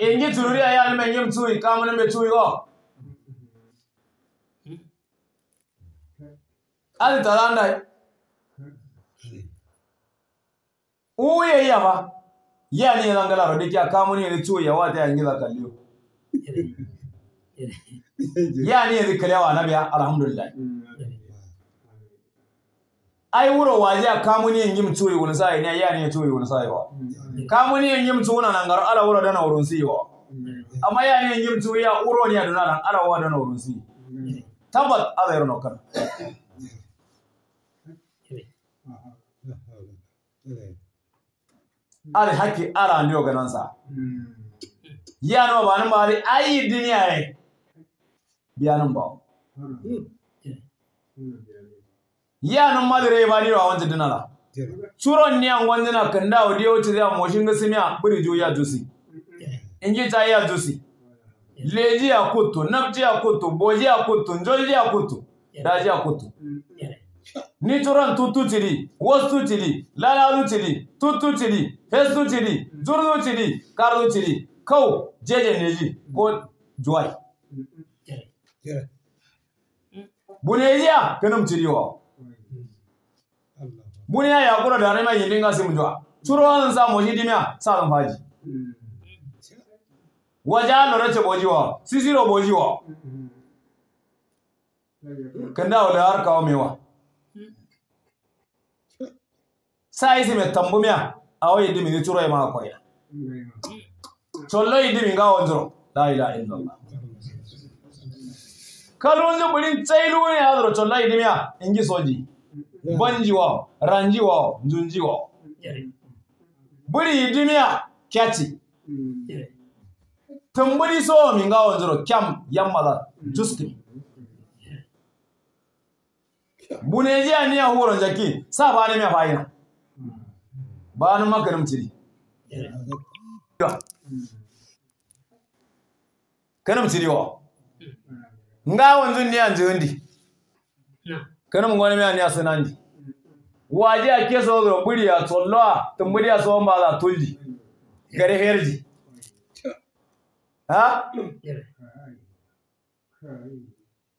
ingi tururi yan be nyim tui ka mun be tui go ali taranda uye yaba yani ngala ro dikia ka mun ni tui ya wata yangi zakalio yani yanzu kare wa nabiya alhamdulillah ai wuro ya a kamuni yin mutu yi wani sa'i ne yani ya yi wani sa'i ba kamuni yin mutu tuwe nan gar ala wuro dana wurin si wa? amma yani yin yim tuwe ya wuro ne dana nan ala wa dana wurin si tabbat ala yaro nokan al haki ala ne ga nan sa യാനോ വാനം മാറി ba ദിനിയായി ബ്യാനം duniya yanan madara ya bani wa wancan dinala curon ni an wani na kanda a wadda wuce zai moshin gasi miya buri jo ya dusi, in ji ta ya jusi leji ya kutu nafji ya kutu boji ya kutu njoji ya kutu daji ya kutu ni curon tutu ciri wasu ciri lalalu ciri tutu ciri hesu ciri zurzu ciri karu ciri Kau jeje neji ko juwai? joy buneya kanum chiriwa Bune ya kura da rama yindin ga simu jwa churo an sa moji dimiya sa ran faji waja lora che bojiwa sisiro bojiwa kanda wala har kawo mewa Sa isi mai tambumiya a waye dimini churo ya ma koya solla idimi nga wonjoro la ilaha illallah kalonzo bulin tsailune adro solla idimiya ingi soji banji wa, ranji wao njunji wao buri idimiya kyati tambudi so mi nga wonjoro kyam yammala juskini buneji aniya huron jaki sa ba ne mai fa'ina ba ni makarimci ne kana mutiriwa hmm. ngawo nzu ni anzu ndi kana mungone me anya sanandi waje ake so zo buri ya tsolloa tumburi ya so ba za tulli hmm. gare herji ha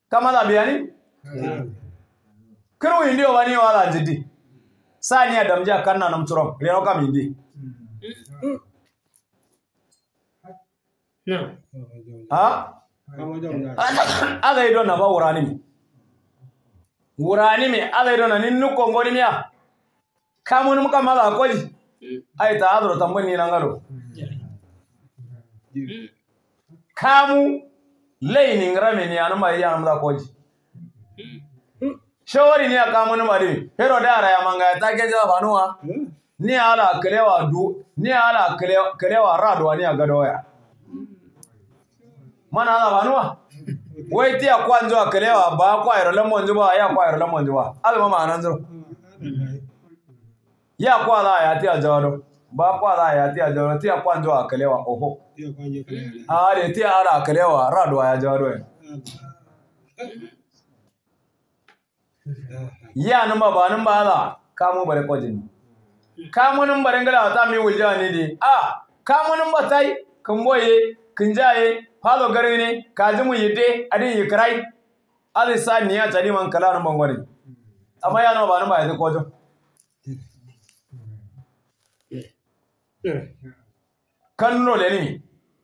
kama da biyani hmm. kirwi ndio wani wala jidi sani adamja ja kanna namturom leno kam hindi ha aza yi dona nafa wurani mi wurani mi aza yi dona nin nukko ngoni miya kamun muka maza koji Ayi ta azuru tambon ni nan gado kamu lainin rame ni anu yi yana maza koji shawari ni a kamun mari hero da ara ya manga ta ke jaba banuwa ni ala kalewa du ni ala kalewa radwa ni a gado ya mana ala banua wai ti akwa nzo wa ba a akwa irola monjo ba ya akwa irola monjo ba ala mama ananzo ya akwa la ya ti ajaro ba akwa la ya ti ajaro ti akwa nzo wa oho a re ti ara akelewa a ya jaro ya numa ba numa ala kamo bare kojin kamo numa bare ngala ta mi wulja ni di a ah, kamo numa tai kumboye kinjaye falo garini kajimu yite adin kirai ali sa niya tadi man kala nan bangwani amma ya nawa ba nan ba yadi kojo kanno le ni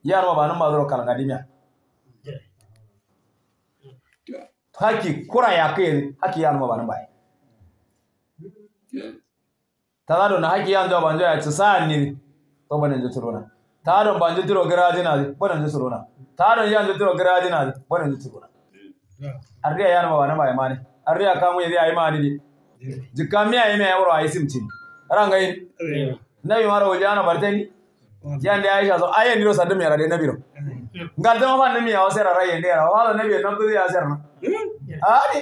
ya nawa ba nan ba zoro kala gadimiya haki kura ya kai haki ya nawa ba nan ba zado na haki ya ndo banjo ya tsa ni to banan jiturona tazado banjo tiro garajina banan turona taano yan luturo gradinal bone luturuna arriya yan ma wana mai mani arriya kamu yedi ay mani di jikami ay me awro ay simtin ranga yin nabi mara wajana barteni jande aisha so ayen diro sadde mi rade nabiro ngal dama fa nami yaw sera rayen hmm? ah, hmm. de ra wala nabi na do ya serna ani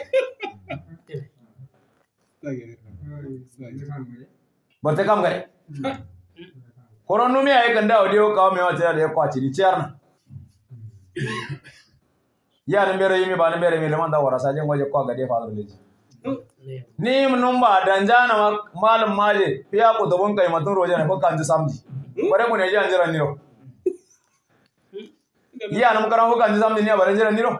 barte kam gare kono numi ay kanda audio kaw me wa tira de kwati ni ciyar na. yaran bere yimi ba nan bere mi leman da wara jin waje kwa gade fa leji mm. ni mun ba jana malum maje fiya ku dubun kai matun roje ne ko ji samji mm. bare ku ne ji anjira ni ro iya nan karan ko ji samji ne bare jira ni ro mm.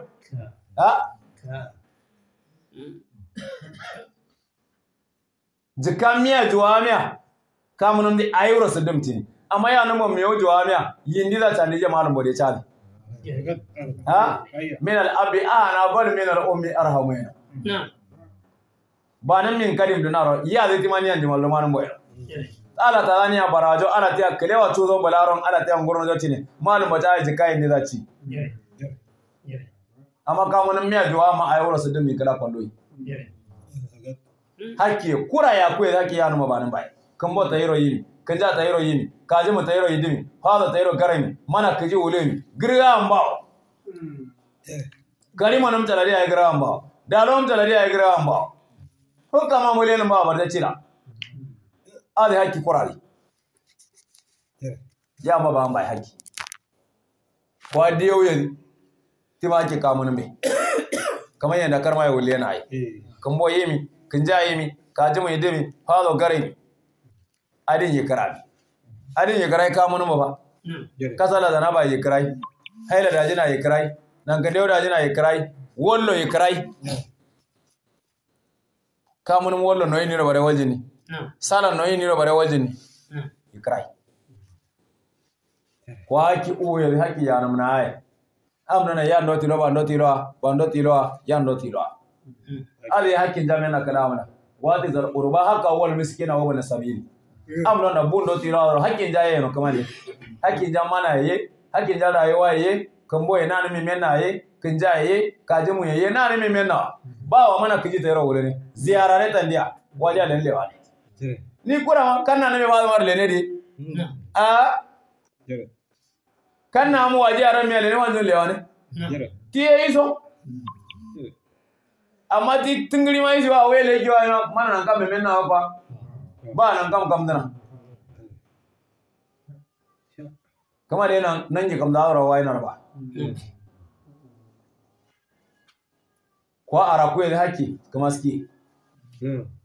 miya juwa miya kamunum di ayro sudumti amma ya nan mo miyo juwamiya yindi da tani je malum bode chali ha min al-abi ana ah, bal min al-ummi arhamuna ba nan min kadim ya zai timani an jimal luman boy ala barajo ala ta kalewa to zo balaron ne malum bata ji kai ne zaci amma ka miya jiwa ma ayi wala su dumi kala kwalloyi hakke kura ya kuye zaki ya numa banin bai kan bota yiro yiri kanjaa tayro yimi kajima tayro yidimi hada tayro garami mana kaji ulemi girga ambao eh. gari manam talari ay gira ambao dalom talari ay gira ambao hokka ma mulen eh. eh. ba cina. cira ade hakki korali ya ma ba mai hakki kwa diyo yen tima ke kamun me kamar yadda karma ya wulle na yi kan bo mi kan ja yemi ka ji mai dimi falo gare adin yekara adin yi ka munu ba hmm. kasala zana ba yi yekara haila da jina yi nan ga da jina yekara wallo yi ka munu wallo noyi ni robare waljini hmm. sala noyi ni robare waljini yekara hmm. kwa haki uye haki ya namna haya amnana ya ndo tilo ba ndo tilo ba ndo tilo ya ndo tilo ali haki jamena kalamuna wadi zal qurba haka wal miskina wa wal sabili amna na bundo tirawro hakkin ja jaye no kamale hakkin ja jamana ye hakkin ja jarayewa ye kan boye na mi menna ye kan jaye ka ji mu ye na mi menna ba wa mana kiji tayro wure wurin ziyara ne tandiya waje da lewa ni kura kan na me ba mar le ne di a kan na mu waje aran me le ne wanzu lewa ne ti yi so amma ti tungri mai shi wa wele ki wa mana nan ka me menna ba ba nan kam kam dana kama da nan nan ji kam da rawa yana ba Kwa ara ku da haki kama suke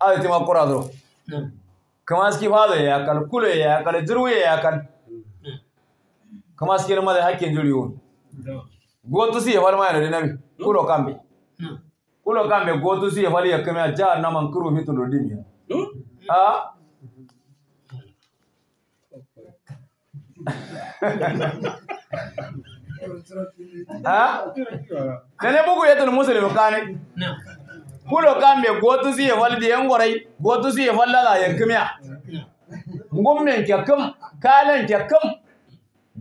a yi tima kura zo kama suke ba da ya kan kula ya kan jirwe ya kan kama suke nama da jirgin jirwe gotu su ya farma yana da nabi kuro kambe kuro kambe gotu su ya fari ya kama jihar naman kuro rudin lodimiya a nene bugu yetul muslim kane kulo kambe gotu siye falde yangorai gotu siye fallala yankimiya ngummen kyakkam kalen kyakkam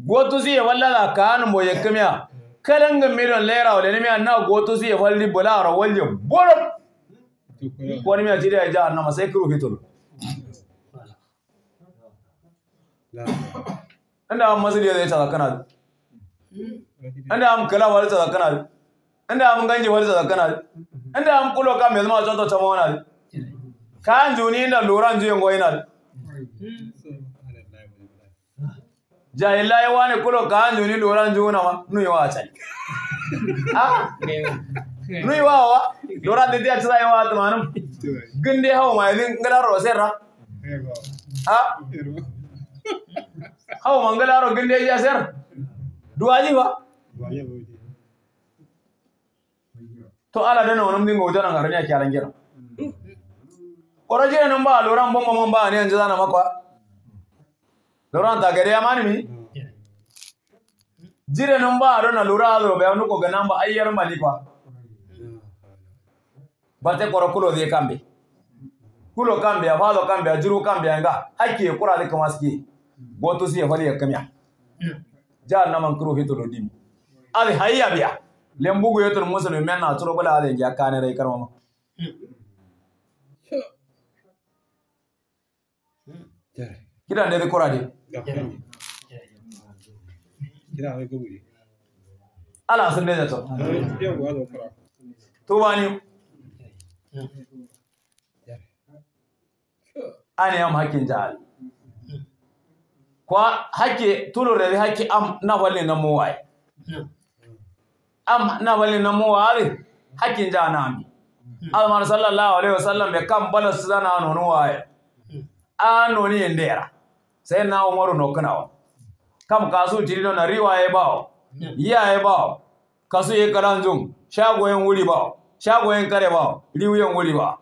gotu siye fallala kanu mo yankimiya kalanga million lera wala ne miya na gotu siye faldi bolara walje bolop ko ne miya jira ja na masai kiro fitulu inda an masu da ya tsaka kana inda an kala wani tsaka kana inda an ganje wani tsaka kana inda an kulo ka mai zama tsotsa tsama wani kan juni inda loran juyin goyi na jahilai wani kulo kan juni loran juna ma nuyi wa can nuyi wa wa loran da ta ci zai wa tumanin gunde hawa mai zin galar rosera ha hawa mangalaro ginde ya sir duwaji ba to ala na wani dinga wajen ya ke kyaran gira ƙoraje nan ba loran bomba man ba ne yanzu zana makwa loran ta gari ya mani mi jire nan ba rana lura zo bai wani ko ganan ba ayyar malifa ba te kwaro kulo zai kambe kulo kambe ya fado kambe ya jiru kambe ya nga ake kura zai kamar suke goto si yafali yakamya jahannaman kuro hito do dimi abi hayya biya lembugu yeton musulmi men na turo bala ade ya kane rai karma ma kidan de kora kira kidan de gobi ala sun de to to bani ani am hakkin jahal kwa hake tulore hake am na wale na muwa am na wale na muwai hakin ja nami almar sallallahu alaihi wasallam be kam bala sudana nono waye ni ndera sai na umaru no kana kam kasu tirino na riwaye bawo e bawo kasu ye shago shagoyen wuri bawo shagoyen kare bawo riwiyen wuri bawo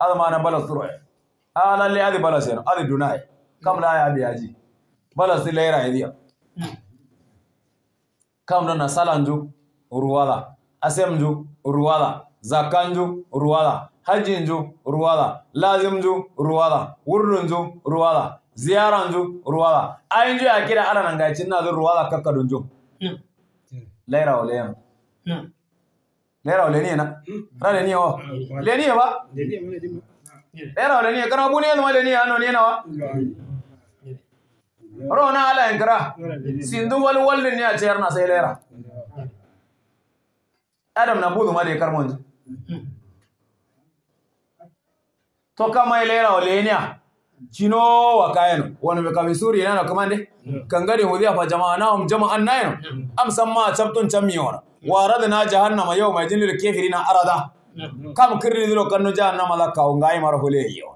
almar bala suroye alalle adi bala seno adi dunai kam la ya biyaji bala si lera idia kam na salanju ruwala asemju ruwala zakanju ruwala Hajinju, ruwala lazimju ruwala wurrunju ruwala ziyaranju ruwala ayinju ya kira ana nan cin na zo ruwala kakkadunju lera wala yana lera wala ne na Ra ne wa leniye ba lera wala ne kana bu ne zama leniye ano ne na wa rona ala yankara sindu wal walde ni a ceyar na sai lera adam na budu made karmon to kama lera o lenya chino wa kayan wani be kabe suri na kama de kangare hudiya fa jama'a na hum jama'an nayin am samma tabtun tamiyona wa radna jahannama yawma jinil na arada kam kirri dilo kanno jahannama la mara marhule yo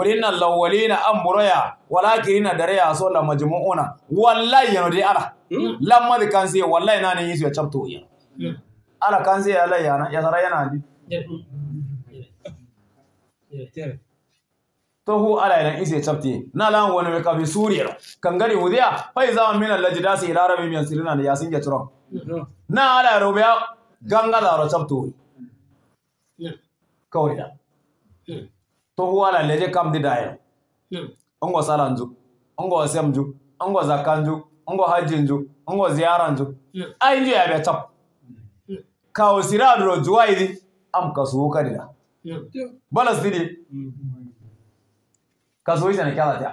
gurinna lawalina an buraya dare ya so la majmu'una wallahi yano de ala hmm? lamma de sai wallahi ne yisu ya chapto hmm. ya ala sai ala na ya sara yana di to hu ala isa ya chapti na lan wani ka bi suriya gari wudiya fa iza min allajdasi ila rabbi min sirina ya singe tro hmm. na ala robiya ganga da ro chapto kawai da tohuwa la leje kam di dae hmm. ongo sala nju ongo asem nju ongo zakka nju ongo haji nju ongo ziyara nju hmm. ai nju yaɓe cap hmm. kawo siraɗuro juwayidi am kasuwu kadila bala sidi ne kala kyalata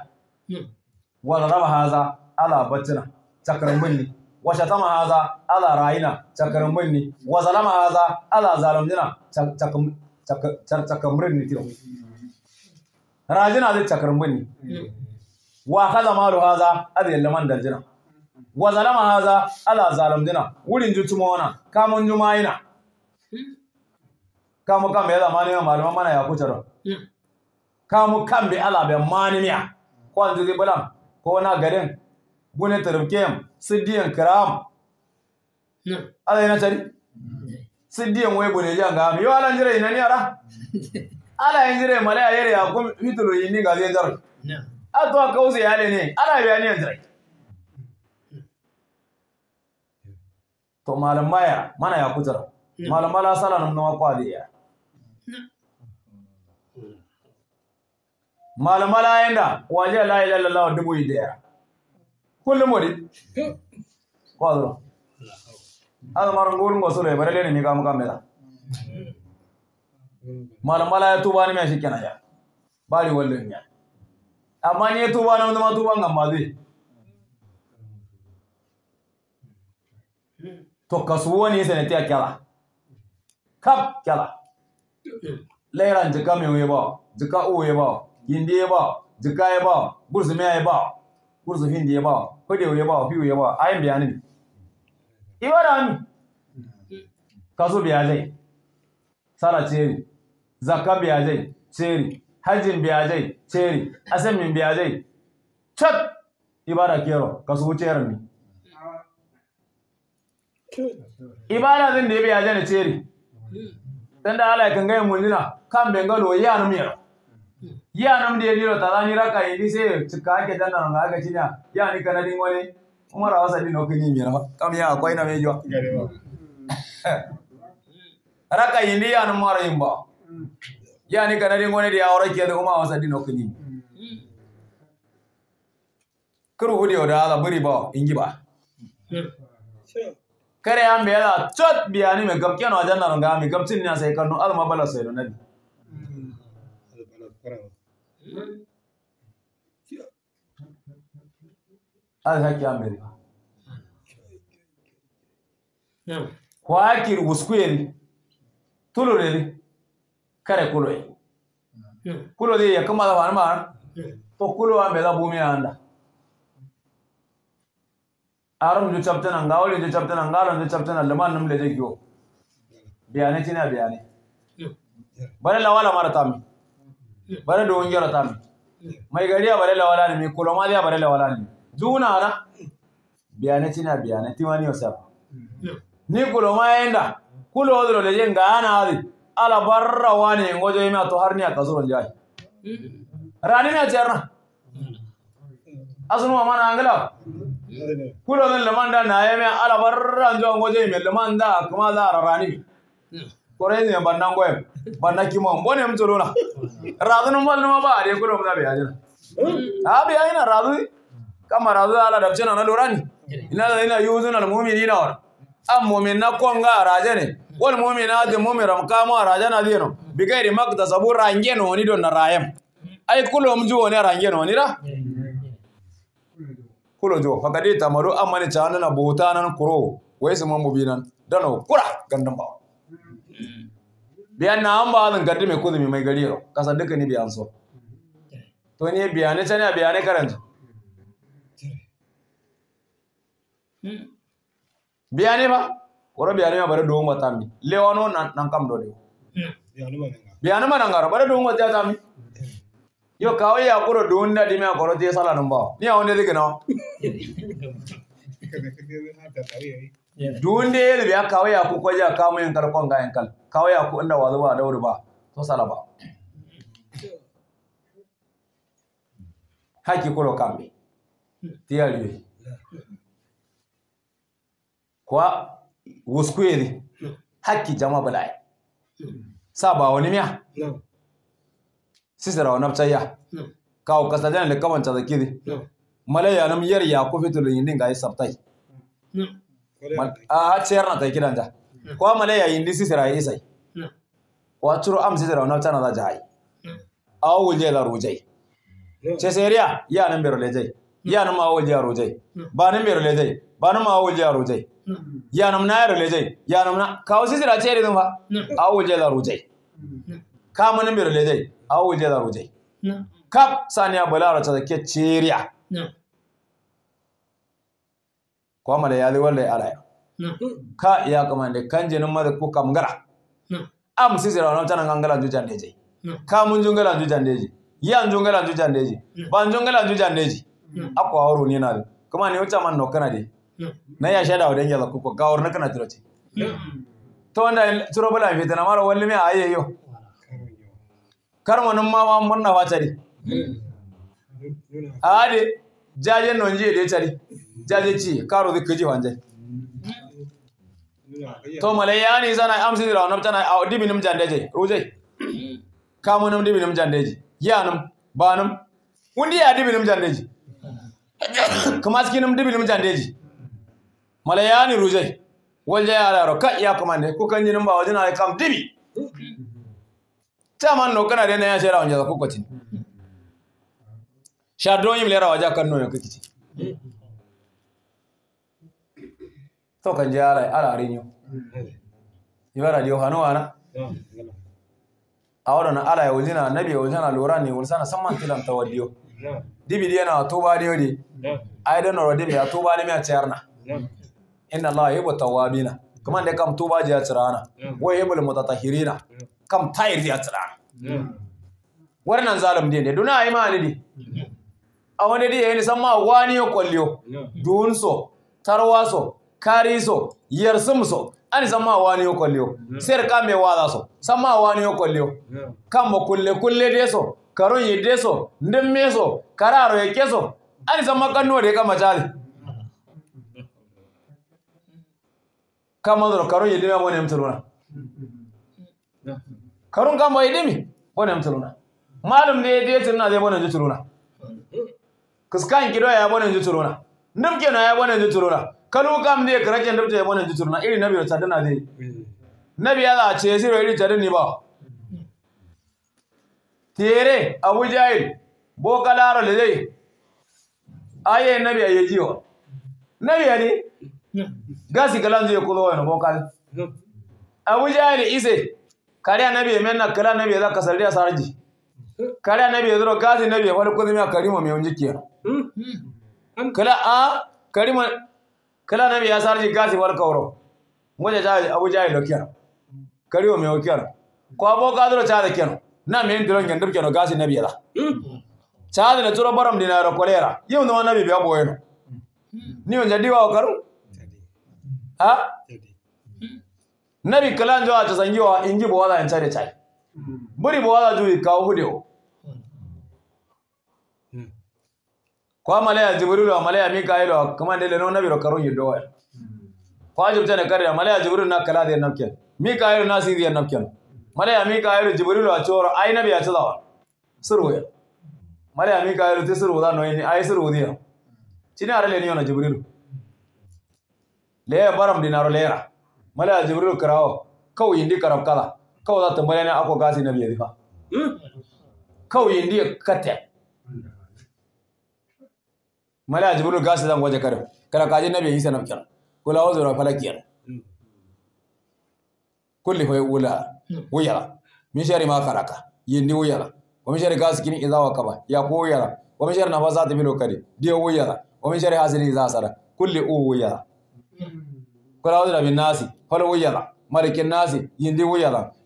wala raba haza ala battina cakaran binni washatama haza ala rayina cakaran binni wazalama haza ala zalamjina cakamrinni tiro rajina zai bin ne wa kaza malu haza adiyal laman daljina wa zalama haza ala zalam dina wurin jutuma wana kamun yana kamu kan bai zama mai malaman mana ya kuce don kamu kan bai ala bai mani miya ko an bulan ko na garin gune tarifkiyam siddiyan kiram ala yana cari siddiyan wai gune jan gami yau alan jirai na ni yara ala injire male yare ya ni fitulu yini A zai zar atwa kausi yale ne ala bayani yanzu to malam maya mana ya kujar malam mala sala nan nawa kwadi ya malam mala yanda waje la ilaha illallah dubu idaya kullum wadi kwadro azmar ngurun gosule barale ne mi kamu kamela Malamala ya tuba ni mai shi kenan ya bari wallon ya amma ni ya tuba na wani ma tuban amma zai to kasuwa ne sai ta kyala kap kyala lairan jika mai waye ba jika uwe ba yindi ya ba jika ya ba bursu mai ya ba bursu hindi ya ba hudewa ya ba fiye ya ba ayin bayanin iwa da hannu kaso biya zai sara ce zakka biya zai ceri hajjin biya zai ceri asamin biya zai cat ibada kero ka su wuce ne ibada zan da ya biya zai ceri dan da Allah kan gaya mulina kan bengalo ya nan yaro ya nan da ya diro ta zani raka yi sai cika hake dan nan ga ga cinya ya ni kanadin wani umara wasa din okin yi mira kam ya akwai na mejo raka yi ya nan mara yin ba yani kana ringone de dia ke de uma wasa dino kini kuru hudi oda ala buri ba ingi ba kare an be ala chot biani me gam keno janna no gam gam tin na sai kanu alma bala sai no nabi al hakki an be ko hakir wuskuyeri tulureri kare Mm. kulo di yakuma da wan mar to kulo an be da bumi anda aram ju chapte na ngawli ju chapte na ngalo ju chapte na leman num leje gyo biyane tina biyane bare lawala mara tami bare do ngera tami mai gariya bare lawala ne kulo maliya bare lawala ne juna ara biyane tina biyane tiwani osap ni kulo ma enda kulo odro leje ngana adi ala barra wani ngojo yimi to har ni akazuru jai rani ne jarna asunu mana angala kulo men lamanda na yemi ala barra njo ngojo yimi lamanda kuma za rani kore ne bannan goyem banna kimo bone mtolona radun malnuma ba de kulo mna be ajina abi aina radu kama radu ala dabjana na lorani ina ina yuzuna almu'minina wa am mu'minna konga rajane wal mu'minatu mu'mira araja na dino bigairi makta sabu range no ni don rayam ai kulo mju woni range no ni ra kulo jo fakadi tamaru amani chana na botanan kuro waisu mu binan dano kura gandan bawa biyan na an ba zan gardi mai kuzumi mai gari yau kasan duka ni biyan so to ni biyane can ya biyane karanta hmm. biyane ba woro biyanima bare dowu ngwa tambi lewano nan kam do de hmm. biyanima nangara bare dowu ngwa tiya hmm. yo kawo ya kuro dowu nda di a koro tiye sala ni a wonde digina duwun da ya yi ya kawo ya kuka ya kawo yin karkon ga yankal kawo ya kuka inda wa zuwa ba to ba haki kuro kambe hmm. tiyar kwa. wuskweri hakki jama balai saba wani miya sisira wa nabtayya kawo kasajen da kamanta kiri malaya na miyar ya ko fitul yindin ga sabtai ah, a ciyar na ta kidan da ko malaya yindi sisira ya isai Wa turu am sisira wa nabtana za jihai a je la ce ceseriya ya nan bero lejai yanam awol jaro jai banam hmm. hmm. hmm. berole jai banam awol jaro jai yanam na yarole jai yanam na kawsi sira ce dum ba awol jai daro jai ka manam berole jai awol jai daro jai kap saniya balara ta ke ceriya. ko mala yali walla alaya ka ya da kanje num mada ku kam gara am sisira no tanan ngala ju jande jai ka mun jungala ju jande ji yan jungala ju jande ji ban jungala ju jande ji akwa horo ne na kuma ne wuce man nokana de hmm. na ya shada wadan yalla kuko ga horna kana turoce hmm. hmm. to wanda turo bala fi tana mara walli me aye yo karmo nan wa murna wa fata A ade jaje non je de tari jaje ci karo de kaji wanje to malayani zana amsi dira wannan tana a dibinim jandeje roje kamunum dibinim jandeje yanum banum undi ya dibinim jandeje kamaski nam dibilim jandeji malayani rujai walje yararo ka iya ko ku jinin ba wajen na kam ta man nokana da dena ya shera wajen ku kwatin shado yin lera wajen kan no yakiti to kanji ala ala rinyo ibara dio hanowana awara na ala ya na nabi ya wajina lorani wulsana samman tilan tawaddiyo dibi yana tuba ne ne ai da noro dibi ya tuba ne mai ciyar na inna allaha yuhibbu tawwabina kuma da kam tuba ji ya cirana wa hiri na, kam tayir ya cirana wannan zalim din ne duna yi ma ne a wani dai yayin san ma wani ya kwalliyo duhun so tarwa so kari so yarsun so an san ma wani ya kwalliyo sai ka mai waza so san ma wani ya kwalliyo kan ma kulle kulle dai so karon ye deso ndem meso kararo ye keso ani sama da ya kama chali kama ndoro karon ya dema bone mtuluna karon kama ye demi bone mtuluna malum ne de de tunna de bone mtuluna kuskan kido ya bone mtuluna ndem keno ya bone mtuluna kalu kam ne de kraken ndem te bone mtuluna iri nabi ta dana zai mm. nabi ya ce siro iri ta ba tere abu jahil bo kalaro le dai aye nabi aye jiwa nabi ade gasi kalan zai kulo wani bo kal abu jahil ise kare nabi ya na kala nabi za ka sarriya sarji kare nabi zuro gasi nabi wani kuzo mai karima mai wunji kiya kala a karima kala nabi ya sarji gasi wal kauro moja jahil abu jahil lokiyar karima mai wakiyar ko abo kadro cha da kiyar na me ndiro nge ndirke no gasi nabi ala hmm. chaade na turo baram dina ro kolera yim no nabi bi abo yeno ni on jadi wa karu ha nabi kalan jo ta wa inji bo wala en chare chai hmm. buri bo wala ju ka hude ko hmm. kwa malaya jibrilu wa malaya mikailu wa kuma le no nabi ro karu yido wa fajib tane kare malaya jibrilu na kala de namken mikailo na sidi namken Maryam mi kayiru Jibrilu a cewar ai nabi ya ci zawa. Sirwo ya. Maryam mi kayiru ta sirwo za noyi ne ai sirwo ne ya. Ci ne arale ne yau na Jibrilu. Leya baram dinaro lera. Maryam Jibrilu karawo kawo yin dika rab kala. Kawo za ta mara ne ako gasi nabi ya zifa. Kawo yin dika kate. Maryam Jibrilu gasi zan gwaje karim. Kala kaji na ya yi sanar kira. Kula wazura falakiyar. Kulli fa yi o yala min yindi o yala wa min sharri ghasikin idha waqa ya ko o wa min sharri nafasati fil uqad dia o yala wa min sharri idha hasada kulli u o hmm. kula wadila bin nasi fala o yala nasi yindi o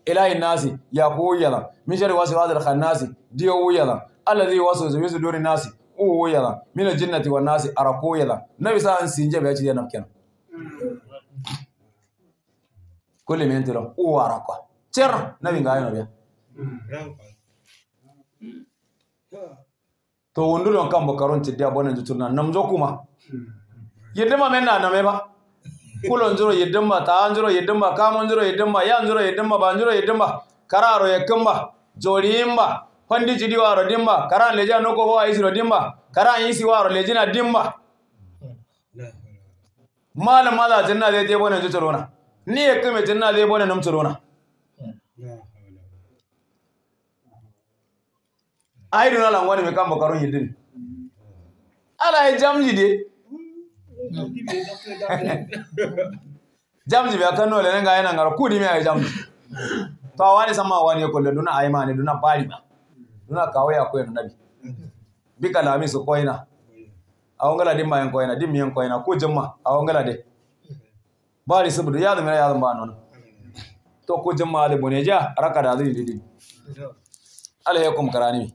ilahi nasi ya ko o yala min sharri wasiwasil khannasi dia o yala alladhi waswisu fi suduri nasi u o mino jinnati wa nasi arako yala nabi sa an sinje ya ci yana kenan hmm. kulli min u o cer na winga ayo bia to wondulo kan bokaron tidde abona na namjo kuma yedema menna na meba kulon juro yedema taan njuro yedema kamon juro yedema yan juro yedema ban juro yedema kararo jori imba, pandi jidi waro dimba karan leja noko bo aisiro dimba karan isi waro lejina dimba Mala mala janna zai je bona juturona ni kame janna zai bona namturona Ayi ayidun ala ngwani meka makaron yidin ala ye jamji de jamji be akanno le nga yana ngara kudi me ayi jamji to awani sama awani ko le duna aymani duna bali ba duna kawe ya ko nabi bika la mi so koina awongala de mayen koina de miyen koina ko jemma awongala de bali subudu ya dum ya dum ba non to ko jemma ale boneja raka da zai didi alaikum karani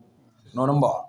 弄弄吧。